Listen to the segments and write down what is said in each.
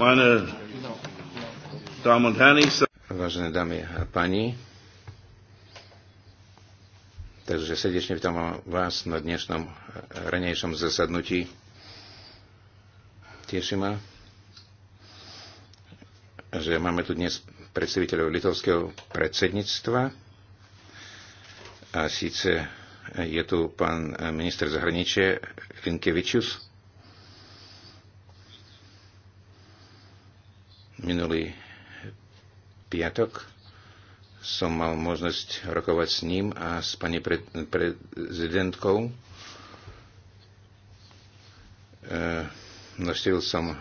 meine Damen und Herren, ich Vážené dámy a páni, takže srdečne vítam vás na dnešnom ranejšom zasadnutí. Teší ma, že máme tu dnes predstaviteľov litovského predsedníctva. A síce je tu pán minister zahraničie Linkevičius, Minulý piatok som mal možnosť rokovať s ním a s pani prezidentkou. E, naštívil som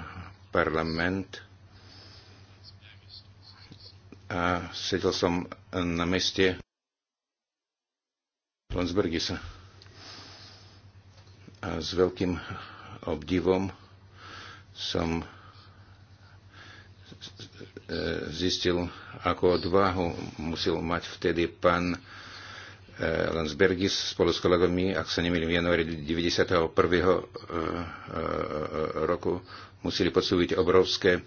parlament a sedel som na meste Lonsbergisa a s veľkým obdivom som Eh, zistil, ako odvahu musel mať vtedy pán eh, Landsbergis spolu s kolegami, ak sa nemýlim, v januári 1991 eh, roku museli podsúviť obrovské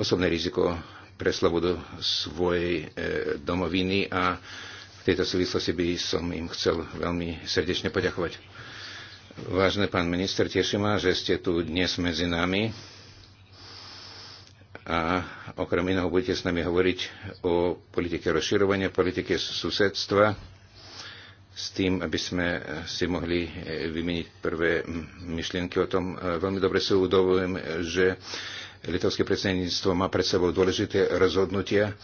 osobné riziko pre slobodu svojej domoviny a v tejto súvislosti by som im chcel veľmi srdečne poďakovať. Vážne pán minister, teším ma, že ste tu dnes medzi nami a okrem iného budete s nami hovoriť o politike rozširovania, politike susedstva, s tým, aby sme si mohli e, vymeniť prvé myšlienky o tom. E, veľmi dobre si udovujem, že litovské predsedníctvo má pred sebou dôležité rozhodnutia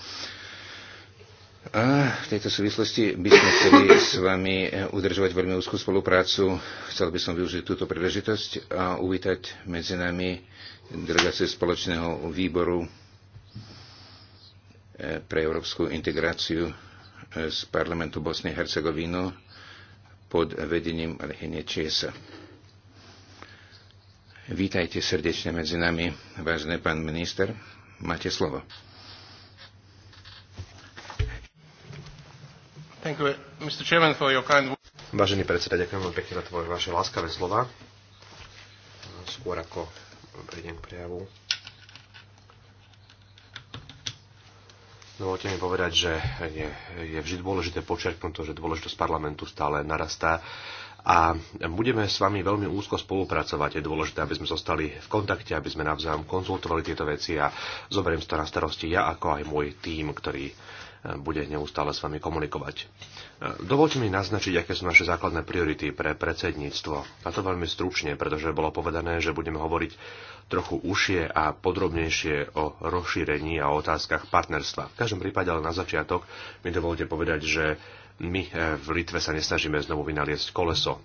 a v tejto súvislosti by sme chceli s vami udržovať veľmi úzkú spoluprácu. Chcel by som využiť túto príležitosť a uvítať medzi nami delegáciu spoločného výboru eh, pre európsku integráciu eh, z parlamentu Bosny a Hercegovino pod vedením Alehenie Česa. Vítajte srdečne medzi nami, vážený pán minister. Máte slovo. Thank you, Mr. Chairman, for your kind words. Vážený predseda, ďakujem vám pekne za tvoje vaše láskavé slova. Skôr ako prejdem k prejavu. Dovolte mi povedať, že je, je vždy dôležité počerknúť to, že dôležitosť parlamentu stále narastá a budeme s vami veľmi úzko spolupracovať. Je dôležité, aby sme zostali v kontakte, aby sme navzájom konzultovali tieto veci a zoberiem to na starosti ja ako aj môj tím, ktorý bude neustále s vami komunikovať. E, dovolte mi naznačiť, aké sú naše základné priority pre predsedníctvo. A to veľmi stručne, pretože bolo povedané, že budeme hovoriť trochu užšie a podrobnejšie o rozšírení a o otázkach partnerstva. V každom prípade ale na začiatok mi dovolte povedať, že my eh, v Litve sa nesnažíme znovu vynaliesť koleso.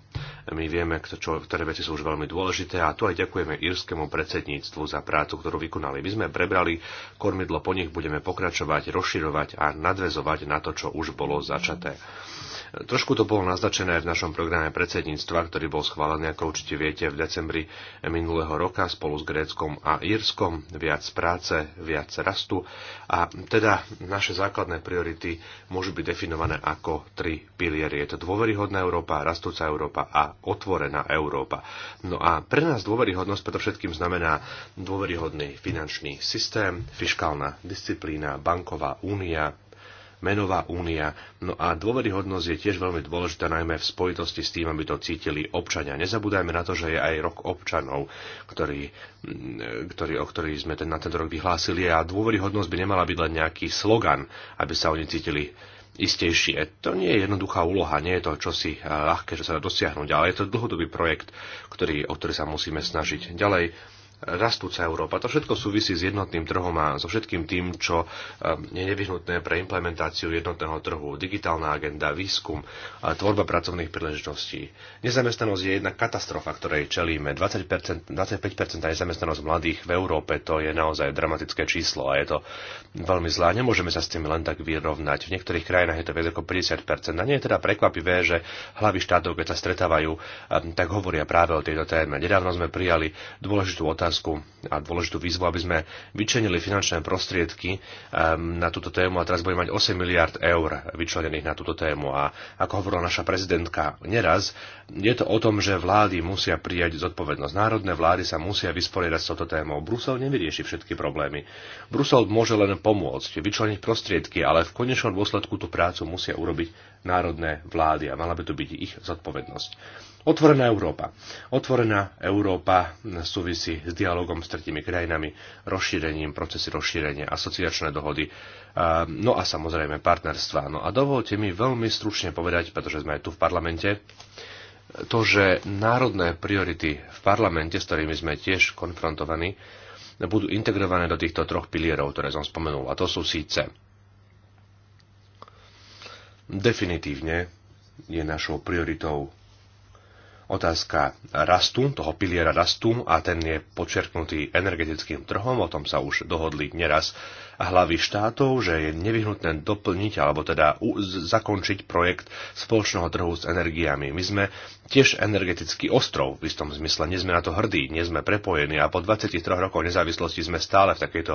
My vieme, čo, ktoré veci sú už veľmi dôležité a tu aj ďakujeme írskému predsedníctvu za prácu, ktorú vykonali. My sme prebrali kormidlo, po nich budeme pokračovať, rozširovať a nadvezovať na to, čo už bolo začaté. Trošku to bolo naznačené v našom programe predsedníctva, ktorý bol schválený, ako určite viete, v decembri minulého roka spolu s Gréckom a Írskom. Viac práce, viac rastu a teda naše základné priority môžu byť definované ako tri piliery. Je to dôveryhodná Európa, rastúca Európa a otvorená Európa. No a pre nás dôveryhodnosť predovšetkým znamená dôveryhodný finančný systém, fiskálna disciplína, banková únia, menová únia. No a dôveryhodnosť je tiež veľmi dôležitá najmä v spojitosti s tým, aby to cítili občania. Nezabúdajme na to, že je aj rok občanov, ktorý, ktorý, o ktorý sme ten, na tento rok vyhlásili a dôveryhodnosť by nemala byť len nejaký slogan, aby sa oni cítili istejšie. To nie je jednoduchá úloha, nie je to čosi e, ľahké, že sa dá dosiahnuť, ale je to dlhodobý projekt, ktorý, o ktorý sa musíme snažiť. Ďalej, rastúca Európa. To všetko súvisí s jednotným trhom a so všetkým tým, čo um, je nevyhnutné pre implementáciu jednotného trhu. Digitálna agenda, výskum, tvorba pracovných príležitostí. Nezamestnanosť je jedna katastrofa, ktorej čelíme. 20%, 25% nezamestnanosť mladých v Európe to je naozaj dramatické číslo a je to veľmi zlá. Nemôžeme sa s tým len tak vyrovnať. V niektorých krajinách je to viac ako 50%. A nie je teda prekvapivé, že hlavy štátov, keď sa stretávajú, um, tak hovoria práve o tejto téme. Nedávno sme prijali dôležitú otázku otázku a dôležitú výzvu, aby sme vyčenili finančné prostriedky ehm, na túto tému a teraz budeme mať 8 miliard eur vyčlenených na túto tému. A ako hovorila naša prezidentka neraz, je to o tom, že vlády musia prijať zodpovednosť. Národné vlády sa musia vysporiadať s touto témou. Brusel nevyrieši všetky problémy. Brusel môže len pomôcť, vyčleniť prostriedky, ale v konečnom dôsledku tú prácu musia urobiť národné vlády a mala by to byť ich zodpovednosť. Otvorená Európa. Otvorená Európa súvisí s dialogom s tretími krajinami, rozšírením, procesy rozšírenia, asociačné dohody, no a samozrejme partnerstva. No a dovolte mi veľmi stručne povedať, pretože sme aj tu v parlamente, to, že národné priority v parlamente, s ktorými sme tiež konfrontovaní, budú integrované do týchto troch pilierov, ktoré som spomenul. A to sú síce Definitívne je našou prioritou otázka rastu, toho piliera rastu a ten je počerknutý energetickým trhom, o tom sa už dohodli neraz hlavy štátov, že je nevyhnutné doplniť alebo teda zakončiť projekt spoločného trhu s energiami. My sme tiež energetický ostrov v istom zmysle, nie sme na to hrdí, nie sme prepojení a po 23 rokoch nezávislosti sme stále v takejto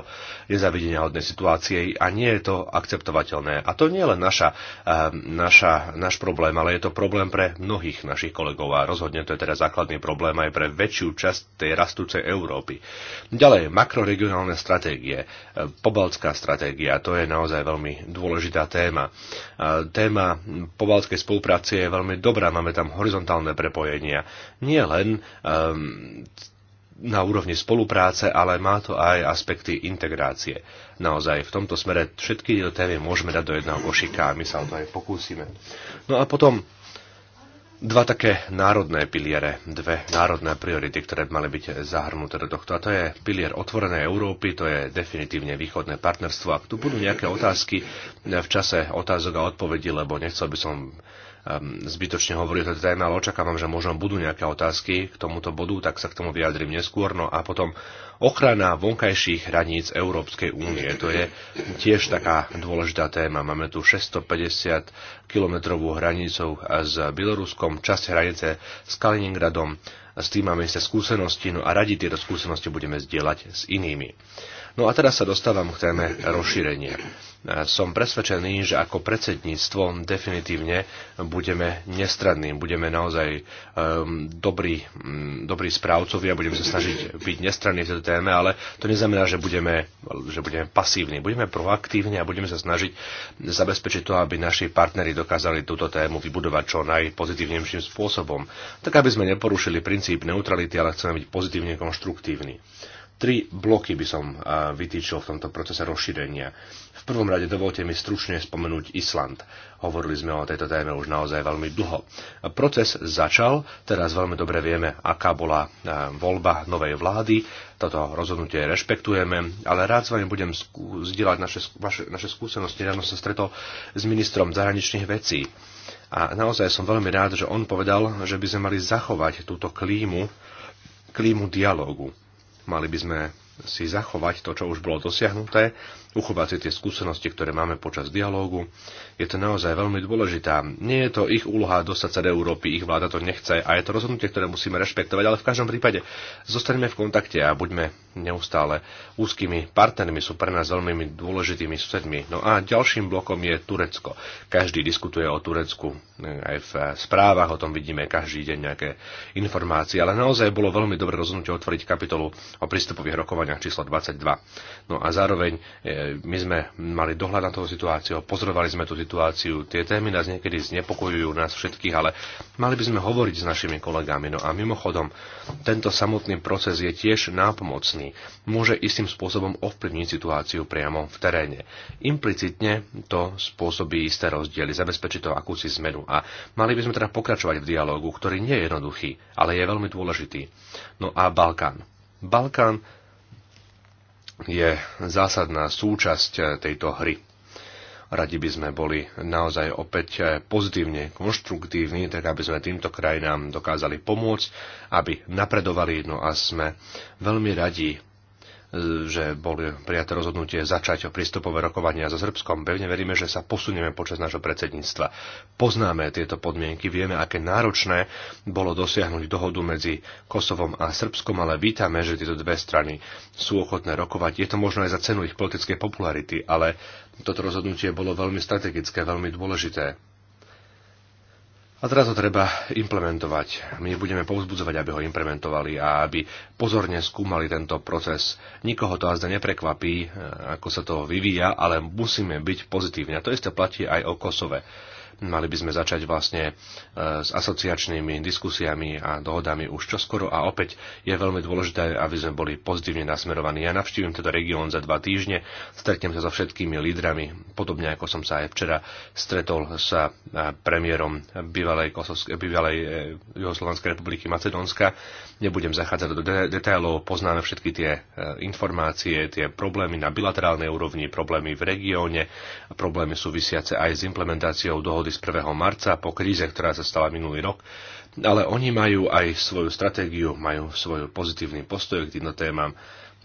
nezavidenia hodnej situácii a nie je to akceptovateľné. A to nie je len naša, eh, naša, náš problém, ale je to problém pre mnohých našich kolegov a rozhodných rozhodne to je teda základný problém aj pre väčšiu časť tej rastúcej Európy. Ďalej, makroregionálne stratégie, e, pobaltská stratégia, to je naozaj veľmi dôležitá téma. E, téma pobaltskej spolupráce je veľmi dobrá, máme tam horizontálne prepojenia. Nie len um, na úrovni spolupráce, ale má to aj aspekty integrácie. Naozaj v tomto smere všetky tieto témy môžeme dať do jedného košika a my sa o to aj pokúsime. No a potom dva také národné piliere, dve národné priority, ktoré by mali byť zahrnuté do tohto. A to je pilier otvorenej Európy, to je definitívne východné partnerstvo. Ak tu budú nejaké otázky v čase otázok a odpovedí, lebo nechcel by som Ehm, zbytočne hovorí o tejto téme, ale očakávam, že možno budú nejaké otázky k tomuto bodu, tak sa k tomu vyjadrím neskôr. No a potom ochrana vonkajších hraníc Európskej únie. To je tiež taká dôležitá téma. Máme tu 650 kilometrovú hranicou s Bieloruskom, časť hranice s Kaliningradom. S tým máme sa skúsenosti, no a radi tieto skúsenosti budeme zdieľať s inými. No a teraz sa dostávam k téme rozšírenie som presvedčený, že ako predsedníctvo definitívne budeme nestranní. budeme naozaj um, dobrí, um, dobrí správcovia, budeme sa snažiť byť nestranní v tejto téme, ale to neznamená, že budeme, že budeme pasívni. Budeme proaktívni a budeme sa snažiť zabezpečiť to, aby naši partneri dokázali túto tému vybudovať čo najpozitívnejším spôsobom, tak aby sme neporušili princíp neutrality, ale chceme byť pozitívne konštruktívni. Tri bloky by som vytýčil v tomto procese rozšírenia. V prvom rade dovolte mi stručne spomenúť Island. Hovorili sme o tejto téme už naozaj veľmi dlho. Proces začal, teraz veľmi dobre vieme, aká bola voľba novej vlády. Toto rozhodnutie rešpektujeme, ale rád s vami budem zdieľať naše, vaše, naše skúsenosti. Ráno som stretol s ministrom zahraničných vecí. A naozaj som veľmi rád, že on povedal, že by sme mali zachovať túto klímu, klímu dialógu Mali by sme si zachovať to, čo už bolo dosiahnuté, uchovať si tie skúsenosti, ktoré máme počas dialógu. Je to naozaj veľmi dôležitá. Nie je to ich úloha dostať sa do Európy, ich vláda to nechce a je to rozhodnutie, ktoré musíme rešpektovať, ale v každom prípade zostaneme v kontakte a buďme neustále úzkými partnermi, sú pre nás veľmi dôležitými susedmi. No a ďalším blokom je Turecko. Každý diskutuje o Turecku, eh, aj v správach o tom vidíme každý deň nejaké informácie, ale naozaj bolo veľmi dobre rozhodnutie otvoriť kapitolu o prístupových rokovaniach rokovaniach číslo 22. No a zároveň e, my sme mali dohľad na toho situáciu, pozorovali sme tú situáciu, tie témy nás niekedy znepokojujú nás všetkých, ale mali by sme hovoriť s našimi kolegami. No a mimochodom, tento samotný proces je tiež nápomocný. Môže istým spôsobom ovplyvniť situáciu priamo v teréne. Implicitne to spôsobí isté rozdiely, zabezpečí to akúsi zmenu. A mali by sme teda pokračovať v dialógu, ktorý nie je jednoduchý, ale je veľmi dôležitý. No a Balkán. Balkán je zásadná súčasť eh, tejto hry. Radi by sme boli naozaj opäť eh, pozitívne konštruktívni, tak aby sme týmto krajinám dokázali pomôcť, aby napredovali, no a sme veľmi radi že boli prijaté rozhodnutie začať o prístupové rokovania so Srbskom. Pevne veríme, že sa posunieme počas nášho predsedníctva. Poznáme tieto podmienky, vieme, aké náročné bolo dosiahnuť dohodu medzi Kosovom a Srbskom, ale vítame, že tieto dve strany sú ochotné rokovať. Je to možno aj za cenu ich politickej popularity, ale toto rozhodnutie bolo veľmi strategické, veľmi dôležité a teraz ho treba implementovať. My budeme povzbudzovať, aby ho implementovali a aby pozorne skúmali tento proces. Nikoho to azda neprekvapí, e, ako sa to vyvíja, ale musíme byť pozitívni. A to isté platí aj o Kosove. Mali by sme začať vlastne e, s asociačnými diskusiami a dohodami už čoskoro a opäť je veľmi dôležité, aby sme boli pozitívne nasmerovaní. Ja navštívim teda región za dva týždne, stretnem sa so všetkými lídrami, podobne ako som sa aj včera stretol sa e, premiérom bývalej, Kosovske, bývalej e, Juhoslovanskej republiky Macedónska. Nebudem zachádzať do detailov, poznáme všetky tie informácie, tie problémy na bilaterálnej úrovni, problémy v regióne, problémy súvisiace aj s implementáciou dohod dôvody z 1. marca po kríze, ktorá sa stala minulý rok, ale oni majú aj svoju stratégiu, majú svoj pozitívny postoj k týmto témam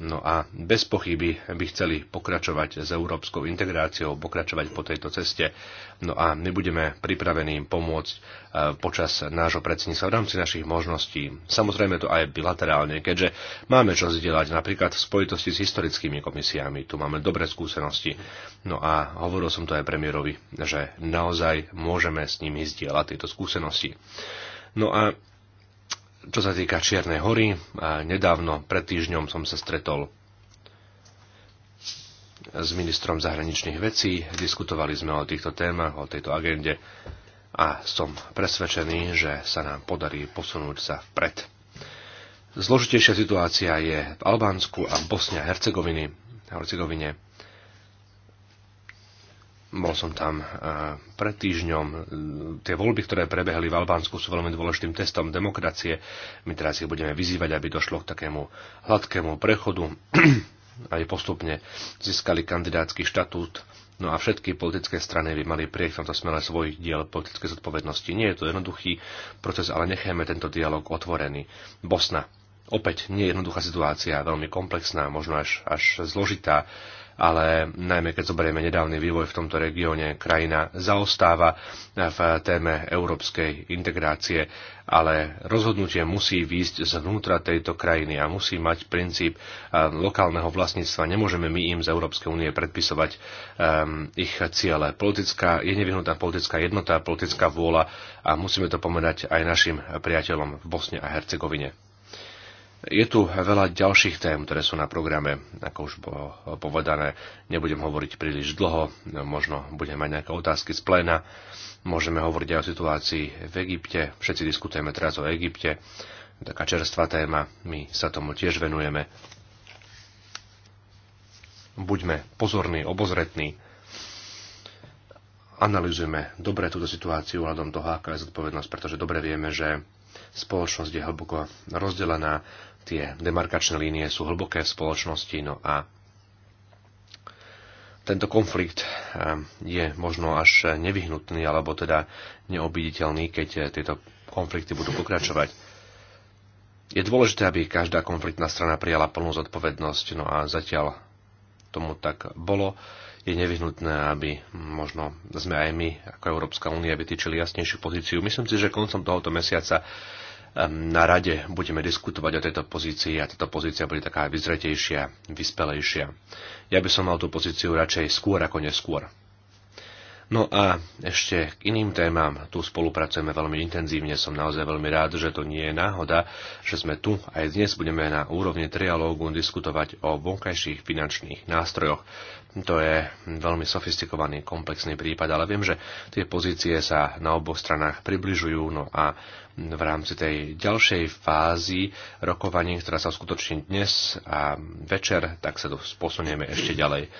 No a bez pochyby by chceli pokračovať s európskou integráciou, pokračovať po tejto ceste. No a my budeme pripravení im pomôcť e, počas nášho predsedníctva v rámci našich možností. Samozrejme to aj bilaterálne, keďže máme čo zdieľať napríklad v spojitosti s historickými komisiami. Tu máme dobré skúsenosti. No a hovoril som to aj premiérovi, že naozaj môžeme s nimi zdieľať tieto skúsenosti. No a čo sa týka Čiernej hory, nedávno, pred týždňom som sa stretol s ministrom zahraničných vecí, diskutovali sme o týchto témach, o tejto agende a som presvedčený, že sa nám podarí posunúť sa vpred. Zložitejšia situácia je v Albánsku a Bosnia a Hercegovine. Bol som tam e, pred týždňom. E, tie voľby, ktoré prebehli v Albánsku, sú veľmi dôležitým testom demokracie. My teraz ich budeme vyzývať, aby došlo k takému hladkému prechodu. aj postupne získali kandidátsky štatút. No a všetky politické strany by mali prieť v tomto smere svoj diel politické zodpovednosti. Nie je to jednoduchý proces, ale nechajme tento dialog otvorený. Bosna. Opäť nie je jednoduchá situácia, veľmi komplexná, možno až, až zložitá ale najmä keď zoberieme nedávny vývoj v tomto regióne, krajina zaostáva v téme európskej integrácie, ale rozhodnutie musí výjsť zvnútra tejto krajiny a musí mať princíp eh, lokálneho vlastníctva. Nemôžeme my im z Európskej únie predpisovať um, ich ciele. Politická, je nevyhnutá politická jednota, politická vôľa a musíme to pomenať aj našim priateľom v Bosne a Hercegovine. Je tu veľa ďalších tém, ktoré sú na programe, ako už bolo povedané. Nebudem hovoriť príliš dlho, možno budem mať nejaké otázky z pléna. Môžeme hovoriť aj o situácii v Egypte. Všetci diskutujeme teraz o Egypte. Taká čerstvá téma, my sa tomu tiež venujeme. Buďme pozorní, obozretní. Analizujme dobre túto situáciu hľadom toho, aká je zodpovednosť, pretože dobre vieme, že spoločnosť je hlboko rozdelená Tie demarkačné línie sú hlboké v spoločnosti, no a tento konflikt ehm, je možno až nevyhnutný, alebo teda neobiditeľný, keď eh, tieto konflikty budú pokračovať. Je dôležité, aby každá konfliktná strana prijala plnú zodpovednosť, no a zatiaľ tomu tak bolo. Je nevyhnutné, aby možno sme aj my, ako Európska únia, vytýčili jasnejšiu pozíciu. Myslím si, že koncom tohoto mesiaca Ehm, na rade budeme diskutovať o tejto pozícii a táto pozícia bude taká vyzretejšia, vyspelejšia. Ja by som mal tú pozíciu radšej skôr ako neskôr. No a ešte k iným témam. Tu spolupracujeme veľmi intenzívne. Som naozaj veľmi rád, že to nie je náhoda, že sme tu aj dnes budeme na úrovni trialógu diskutovať o vonkajších finančných nástrojoch. To je veľmi sofistikovaný, komplexný prípad, ale viem, že tie pozície sa na oboch stranách približujú. No a v rámci tej ďalšej fázy rokovaní, ktorá sa uskutoční dnes a večer, tak sa tu posunieme ešte ďalej.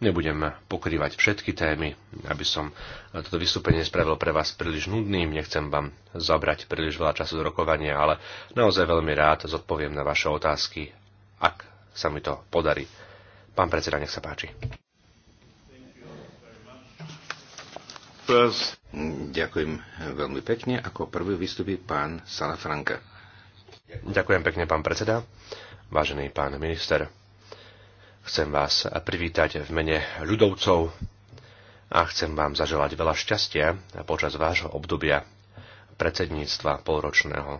Nebudem pokrývať všetky témy, aby som e, toto vystúpenie spravil pre vás príliš nudným, nechcem vám zabrať príliš veľa času do rokovania, ale naozaj veľmi rád zodpoviem na vaše otázky, ak sa mi to podarí. Pán predseda, nech sa páči. Ďakujem veľmi pekne. Ako prvý vystupí pán Salafranka. Ďakujem pekne, pán predseda. Vážený pán minister, Chcem vás privítať v mene ľudovcov a chcem vám zaželať veľa šťastia počas vášho obdobia predsedníctva polročného.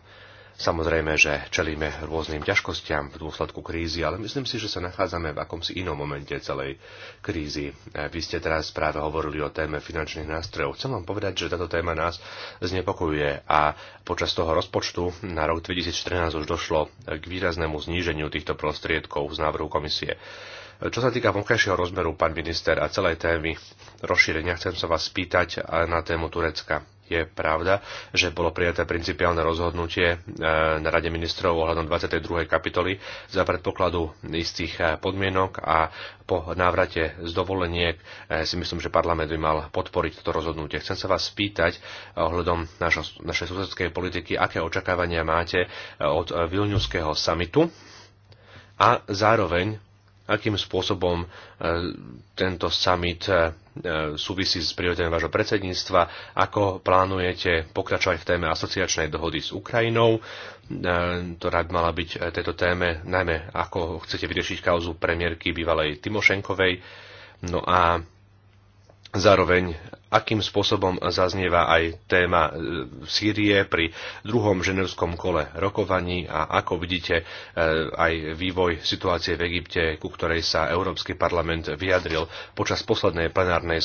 Samozrejme, že čelíme rôznym ťažkostiam v dôsledku krízy, ale myslím si, že sa nachádzame v akomsi inom momente celej krízy. Vy ste teraz práve hovorili o téme finančných nástrojov. Chcem vám povedať, že táto téma nás znepokojuje a počas toho rozpočtu na rok 2014 už došlo k výraznému zníženiu týchto prostriedkov z návrhu komisie. Čo sa týka vonkajšieho rozmeru, pán minister, a celej témy rozšírenia, chcem sa vás spýtať na tému Turecka. Je pravda, že bolo prijaté principiálne rozhodnutie e, na Rade ministrov ohľadom 22. kapitoly za predpokladu istých e, podmienok a po návrate z dovoleniek e, si myslím, že parlament by mal podporiť toto rozhodnutie. Chcem sa vás spýtať ohľadom našo, našej susedskej politiky, aké očakávania máte od Vilniuského samitu a zároveň akým spôsobom e, tento summit e, e, súvisí s prioritami vášho predsedníctva, ako plánujete pokračovať v téme asociačnej dohody s Ukrajinou, ktorá by mala byť tejto téme, najmä ako chcete vyriešiť kauzu premiérky bývalej Timošenkovej. No a zároveň akým spôsobom zaznieva aj téma e, Sýrie pri druhom ženevskom kole rokovaní a ako vidíte e, aj vývoj situácie v Egypte, ku ktorej sa Európsky parlament vyjadril počas poslednej plenárnej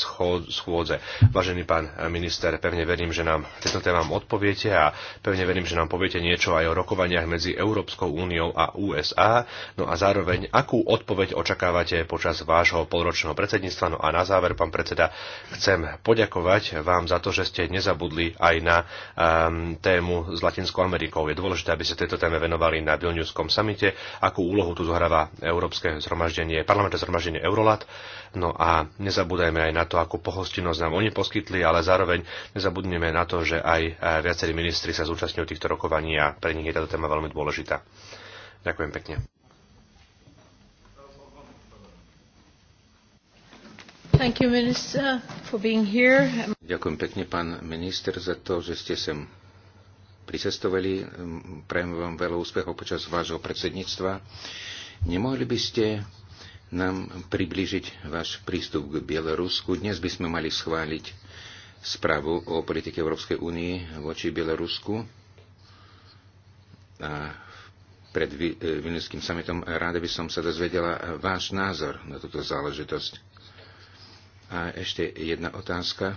schôdze. Vážený pán minister, pevne verím, že nám tieto témam odpoviete a pevne verím, že nám poviete niečo aj o rokovaniach medzi Európskou úniou a USA. No a zároveň, akú odpoveď očakávate počas vášho polročného predsedníctva. No a na záver, pán predseda, chcem poďakovať poďakovať vám za to, že ste nezabudli aj na um, tému s Latinskou Amerikou. Je dôležité, aby ste tejto téme venovali na Vilniuskom samite, akú úlohu tu zohráva Európske zhromaždenie, parlamentné zhromaždenie Eurolat. No a nezabúdajme aj na to, akú pohostinnosť nám oni poskytli, ale zároveň nezabudneme na to, že aj e, viacerí ministri sa zúčastňujú týchto rokovaní a pre nich je táto téma veľmi dôležitá. Ďakujem pekne. You, minister, Ďakujem pekne, pán minister, za to, že ste sem pricestovali. Prajem vám veľa úspechov počas vášho predsedníctva. Nemohli by ste nám priblížiť váš prístup k Bielorusku? Dnes by sme mali schváliť správu o politike Európskej únie voči Bielorusku. A pred eh, Vilnickým samitom ráda by som sa dozvedela váš názor na túto záležitosť a ešte jedna otázka,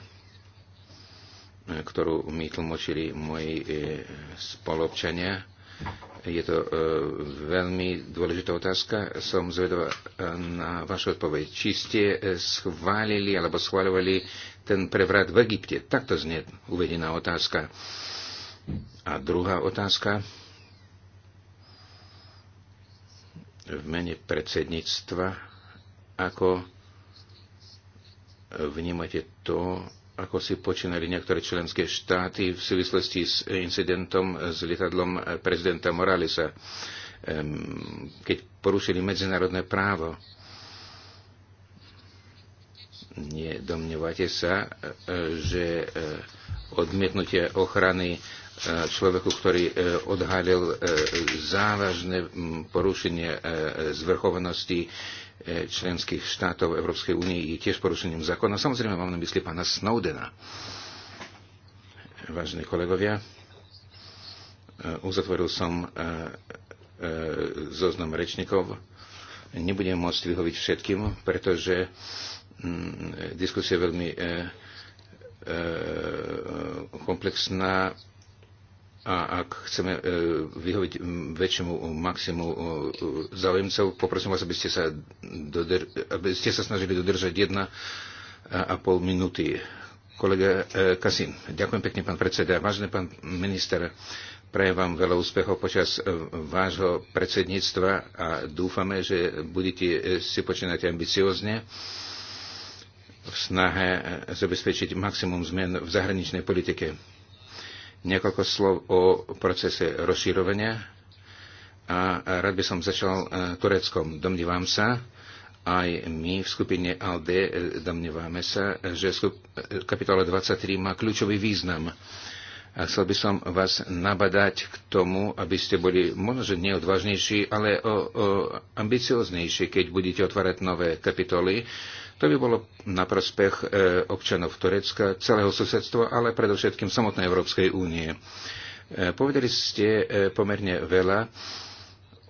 ktorú mi tlmočili moji e, spolobčania. Je to e, veľmi dôležitá otázka. Som zvedavá e, na vašu odpoveď. Či ste schválili alebo schváľovali ten prevrat v Egypte? Takto znie uvedená otázka. A druhá otázka. V mene predsedníctva, ako vnímate to, ako si počínali niektoré členské štáty v súvislosti s incidentom s lietadlom prezidenta Moralisa, keď porušili medzinárodné právo. Nedomnievate sa, e, že e, odmietnutie ochrany človeku, ktorý e, odhalil e, závažné porušenie e, zvrchovanosti členských štátov Európskej únie je tiež porušením zákona. Samozrejme mám na mysli pána Snowdena. Vážení kolegovia, uzatvoril som zoznam rečníkov. Nebudem môcť vyhoviť všetkým, pretože diskusia je veľmi komplexná a ak chceme e, vyhoviť väčšiemu maximu e, záujemcov, poprosím vás, aby ste sa, doder- aby ste sa snažili dodržať jedna e, a pol minúty. Kolega Kasim, ďakujem pekne, pán predseda. Vážený pán minister, prajem vám veľa úspechov počas vášho predsedníctva a dúfame, že budete si počínať ambiciozne v snahe zabezpečiť maximum zmien v zahraničnej politike Niekoľko slov o procese rozširovania a rád by som začal e, Tureckom. Domnívam sa, aj my v skupine ALDE e, domnievame sa, že e, kapitola 23 má kľúčový význam. A chcel by som vás nabadať k tomu, aby ste boli možno, že neodvážnejší, ale o, o ambicioznejší, keď budete otvárať nové kapitoly to by bolo na prospech e, občanov Turecka, celého susedstva, ale predovšetkým samotnej Európskej únie. E, povedali ste e, pomerne veľa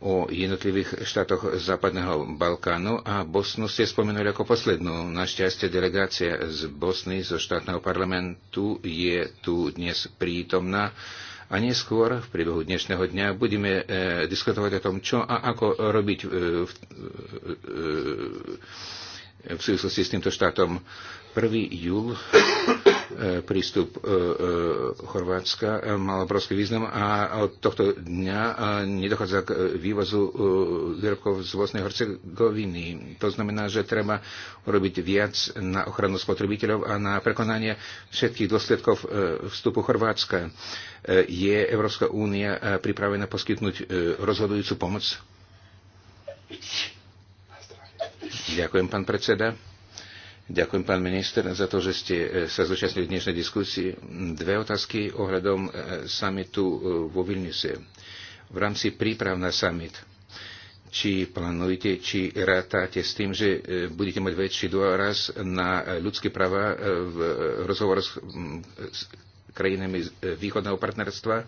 o jednotlivých štátoch Západného Balkánu a Bosnu ste spomenuli ako poslednú. Našťastie delegácia z Bosny, zo štátneho parlamentu, je tu dnes prítomná a neskôr v priebehu dnešného dňa budeme e, diskutovať o tom, čo a ako robiť e, v, e, v súvislosti s týmto štátom. 1. júl eh, prístup eh, eh, Chorvátska mal obrovský význam a od tohto dňa nedochádza k vývozu výrobkov z Bosnej Hercegoviny. To znamená, že treba urobiť viac na ochranu spotrebiteľov a na prekonanie všetkých dôsledkov vstupu Chorvátska. Je Európska únia pripravená poskytnúť rozhodujúcu pomoc? Ďakujem, pán predseda. Ďakujem, pán minister, za to, že ste e, sa zúčastnili v dnešnej diskusii. Dve otázky ohľadom e, samitu e, vo Vilniuse. V rámci príprav na samit, či plánujete, či rátate s tým, že budete mať väčší dôraz na ľudské práva v rozhovoroch s krajinami východného partnerstva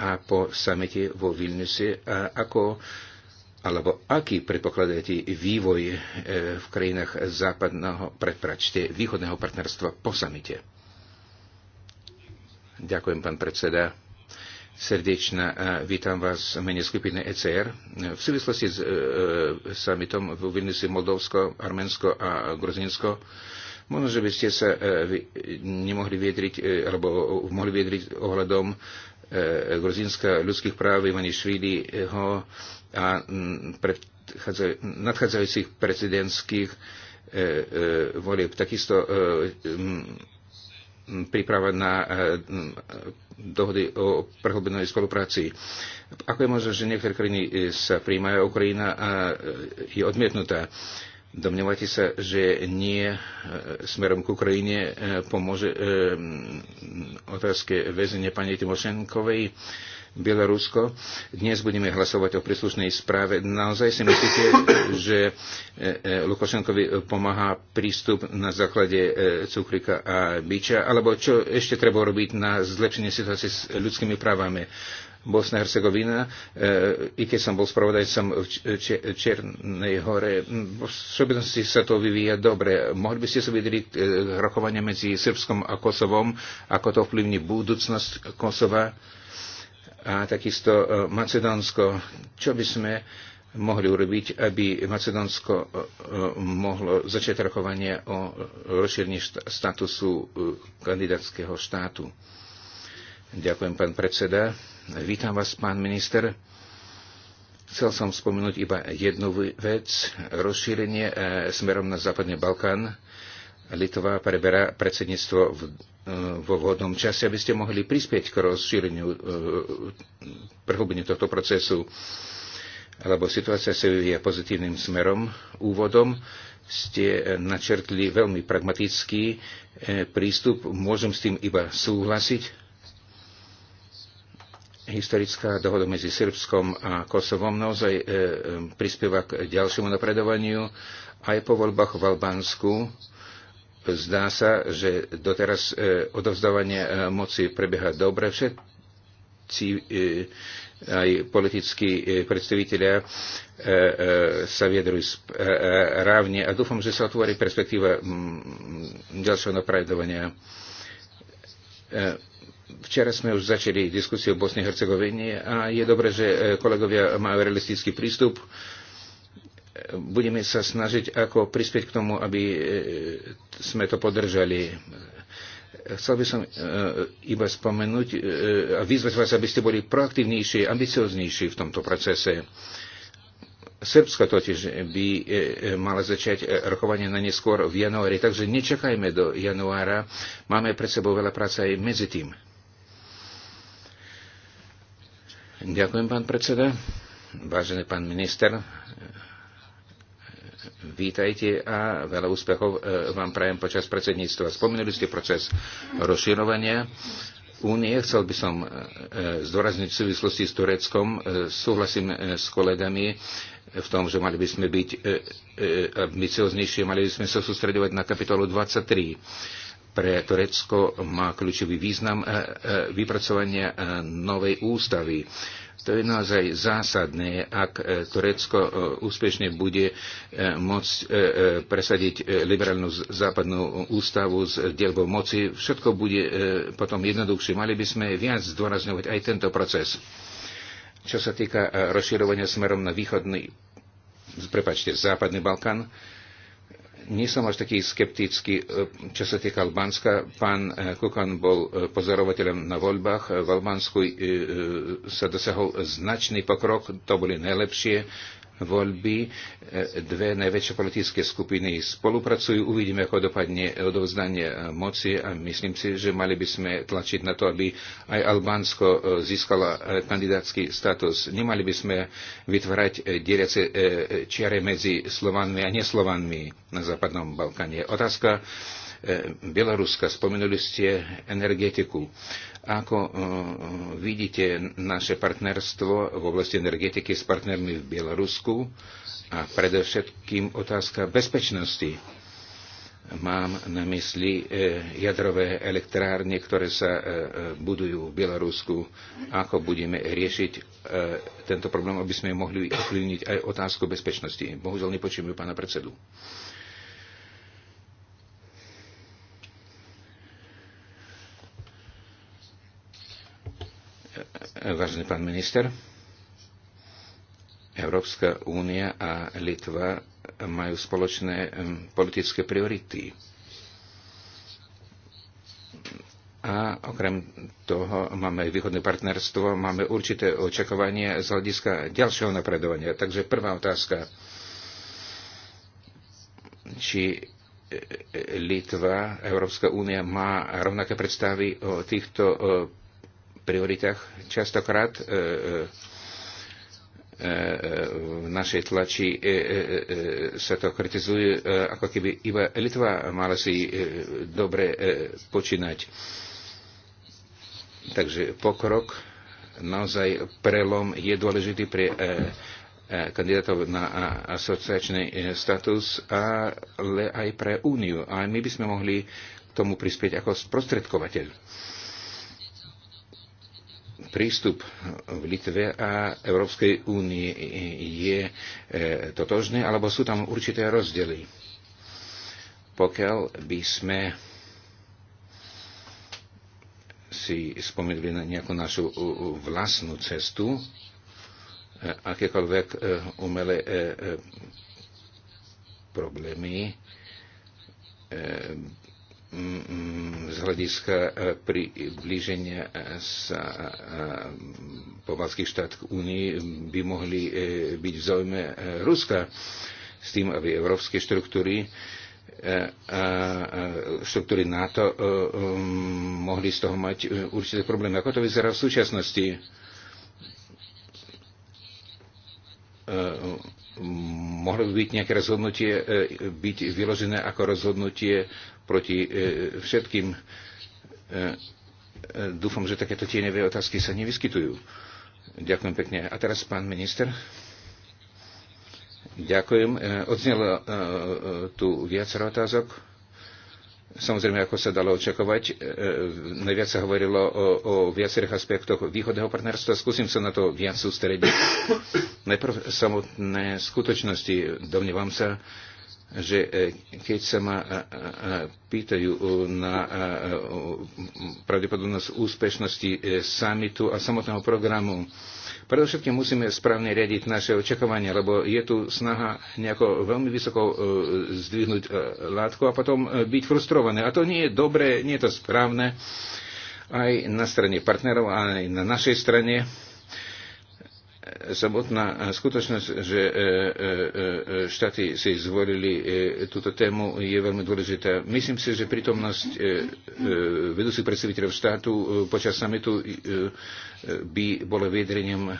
a po samite vo Vilniuse a ako alebo aký predpokladáte vývoj e, v krajinách západného, predpračte, východného partnerstva po samite? Ďakujem, pán predseda. Srdečne vítam vás v mene skupiny ECR. V súvislosti s e, e samitom v Vilniusi Moldovsko, Arménsko a Gruzinsko Možno, že by ste sa e, nemohli viedriť, e, alebo mohli viedriť ohľadom E, gruzínska ľudských práv Ivanišviliho a nadchádzajúcich prezidentských e, e, volieb. Takisto príprava na dohody o prehlbenej spolupráci. Ako je možné, že niektoré krajiny sa príjmajú, a Ukrajina je odmietnutá? Domnievate sa, že nie e, smerom k Ukrajine e, pomôže e, otázke väzenia pani Timošenkovej? Bielorusko. Dnes budeme hlasovať o príslušnej správe. Naozaj si myslíte, že Lukošenkovi pomáha prístup na základe cukrika a biča? Alebo čo ešte treba robiť na zlepšenie situácie s ľudskými právami? Bosna Hercegovina, e, i keď som bol spravodajcom v Černej hore, v všeobecnosti sa to vyvíja dobre. Mohli by ste sa vydriť e, rokovania medzi Srbskom a Kosovom, ako to vplyvní budúcnosť Kosova a takisto e, Macedónsko. Čo by sme mohli urobiť, aby Macedónsko mohlo začať rokovanie o rozšírení statusu kandidátskeho štátu. Ďakujem, pán predseda. Vítam vás, pán minister. Chcel som spomenúť iba jednu vec. Rozšírenie e, smerom na Západný Balkán. Litva preberá predsedníctvo v, e, vo vhodnom čase, aby ste mohli prispieť k rozšíreniu, e, prehlbeniu tohto procesu lebo situácia sa vyvíja pozitívnym smerom. Úvodom ste načrtli veľmi pragmatický prístup. Môžem s tým iba súhlasiť historická dohoda medzi Srbskom a Kosovom naozaj e, e, prispieva k ďalšiemu napredovaniu aj po voľbách v Albánsku. Zdá sa, že doteraz e, odovzdávanie e, moci prebieha dobre. Všetci e, aj politickí e, predstavitelia e, sa e, rávne a dúfam, že sa otvorí perspektíva ďalšieho napredovania Včera sme už začali diskusiu o a Hercegovine a je dobré, že e, kolegovia majú realistický prístup. E, budeme sa snažiť ako prispieť k tomu, aby e, sme to podržali. Chcel by som iba spomenúť a vyzvať vás, aby ste boli proaktívnejší, ambicioznejší v tomto procese. Srbsko totiž by mala začať rokovanie na neskôr v januári, takže nečakajme do januára. Máme pred sebou veľa práce aj medzi tým. Ďakujem, pán predseda. Vážený pán minister, vítajte a veľa úspechov e, vám prajem počas predsedníctva. Spomenuli ste proces rozširovania únie. Chcel by som e, zdôrazniť v súvislosti s Tureckom. E, súhlasím s kolegami v tom, že mali by sme byť ambicioznejšie, mali by sme sa sústredovať na kapitolu 23 pre Turecko má kľúčový význam e, e, vypracovania e, novej ústavy. To je naozaj zásadné, ak Turecko úspešne bude môcť presadiť liberálnu západnú ústavu s dielbou moci. Všetko bude potom jednoduchšie. Mali by sme viac zdôrazňovať aj tento proces. Čo sa týka rozširovania smerom na východný, prepačte, západný Balkán, nie som až taký skeptický, e, čo sa týka Albánska. Pán e, Kukan bol e, pozorovateľom na voľbách. V Albánsku sa dosahol značný pokrok, to boli najlepšie voľby. E, dve najväčšie politické skupiny spolupracujú. Uvidíme, ako dopadne odovzdanie moci a myslím si, že mali by sme tlačiť na to, aby aj Albánsko e, získalo kandidátsky status. Nemali by sme vytvárať e, dieliace čiare medzi Slovanmi a neslovanmi na Západnom Balkáne. Otázka E, Bieloruska. Spomenuli ste energetiku. Ako e, vidíte naše partnerstvo v oblasti energetiky s partnermi v Bielorusku a predovšetkým otázka bezpečnosti? Mám na mysli e, jadrové elektrárne, ktoré sa budujú v Bielorusku. Ako budeme riešiť tento problém, aby sme mohli ovplyvniť aj otázku bezpečnosti? Bohužiaľ nepočujeme pána predsedu. vážený pán minister. Európska únia a Litva majú spoločné politické priority. A okrem toho máme aj východné partnerstvo, máme určité očakovanie z hľadiska ďalšieho napredovania. Takže prvá otázka, či e, e, Litva, Európska únia má rovnaké predstavy o týchto e, prioritách. Častokrát e, e, e, v našej tlači sa to kritizuje, ako keby iba Litva mala si dobre počínať. Takže pokrok, naozaj prelom je dôležitý pre kandidátov na asociačný status, ale aj pre Úniu. A my by sme mohli k tomu prispieť ako sprostredkovateľ prístup v Litve a Európskej únii je e, totožný, alebo sú tam určité rozdiely. Pokiaľ by sme si spomenuli na nejakú našu vlastnú cestu, e, akékoľvek e, umelé problémy z hľadiska e, priblíženia e, sa e, pobalských štát k Únii by mohli byť v záujme Ruska s tým, aby európske štruktúry a štruktúry NATO mohli z toho mať určité problémy. Ako to vyzerá v súčasnosti? mohlo byť nejaké rozhodnutie e, byť vyložené ako rozhodnutie proti e, všetkým. E, dúfam, že takéto tieňové otázky sa nevyskytujú. Ďakujem pekne. A teraz pán minister. Ďakujem. Odznelo tu viacero otázok. Samozrejme, ako sa dalo očakovať, e, e, najviac sa hovorilo o, o viacerých aspektoch východného partnerstva. Skúsim sa na to viac sústrediť. Najprv samotné skutočnosti. Domnievam sa, že e, keď sa ma pýtajú na pravdepodobnosť úspešnosti samitu a samotného programu, Predovšetkým musíme správne riadiť naše očakávania, lebo je tu snaha nejako veľmi vysoko e, zdvihnúť e, látku a potom e, byť frustrované. A to nie je dobré, nie je to správne aj na strane partnerov, aj na našej strane samotná skutočnosť, že e, e, e, štáty si zvolili túto tému, je veľmi dôležitá. Myslím si, že prítomnosť vedúcich predstaviteľov štátu počas samitu by bola vyjadrením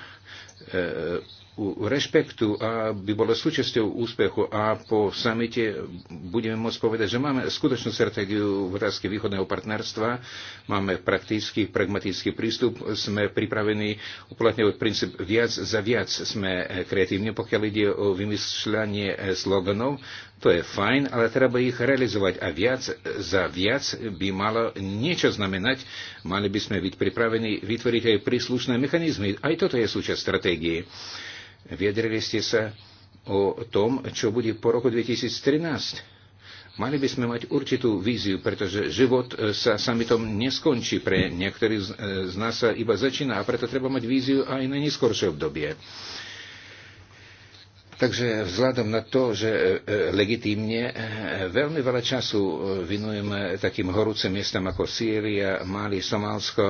rešpektu, by bolo súčasťou úspechu a po samite budeme môcť povedať, že máme skutočnú stratégiu v otázke východného partnerstva, máme praktický, pragmatický prístup, sme pripravení uplatňovať princíp viac za viac, sme kreatívni, pokiaľ ide o vymysľanie sloganov, to je fajn, ale treba ich realizovať a viac za viac by malo niečo znamenať, mali by sme byť pripravení vytvoriť aj príslušné mechanizmy. Aj toto je súčasť stratégie. Viedrili ste sa o tom, čo bude po roku 2013. Mali by sme mať určitú víziu, pretože život e, sa samitom neskončí pre niektorých e, z nás sa iba začína a preto treba mať víziu aj na neskôršie obdobie. Takže vzhľadom na to, že e, e, legitímne e, veľmi veľa času vinujeme takým horúcim miestam ako Sýria, Mali, Somálsko,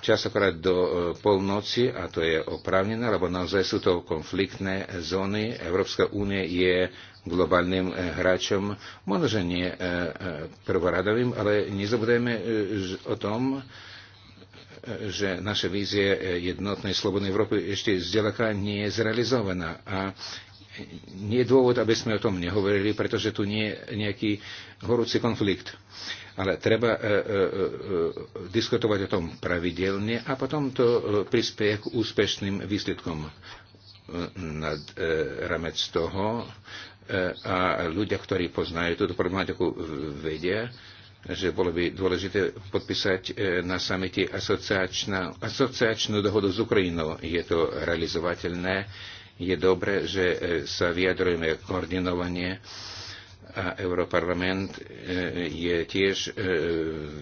časokrát do polnoci, a to je oprávnené, lebo naozaj sú to konfliktné zóny. Európska únie je globálnym hráčom, možno, že nie prvoradovým, ale nezabudajme o tom, že naša vízia jednotnej slobodnej Európy ešte zďaleka nie je zrealizovaná. A nie je dôvod, aby sme o tom nehovorili, pretože tu nie je nejaký horúci konflikt. Ale treba e, e, e, diskutovať o tom pravidelne a potom to e, prispieje k úspešným výsledkom e, nad e, ramec toho e, a ľudia, ktorí poznajú túto problematiku, vedia, e, že bolo by dôležité podpísať e, na samite asociačnú dohodu s Ukrajinou. Je to realizovateľné, je dobré, že e, sa vyjadrujeme koordinovanie a Europarlament e, je tiež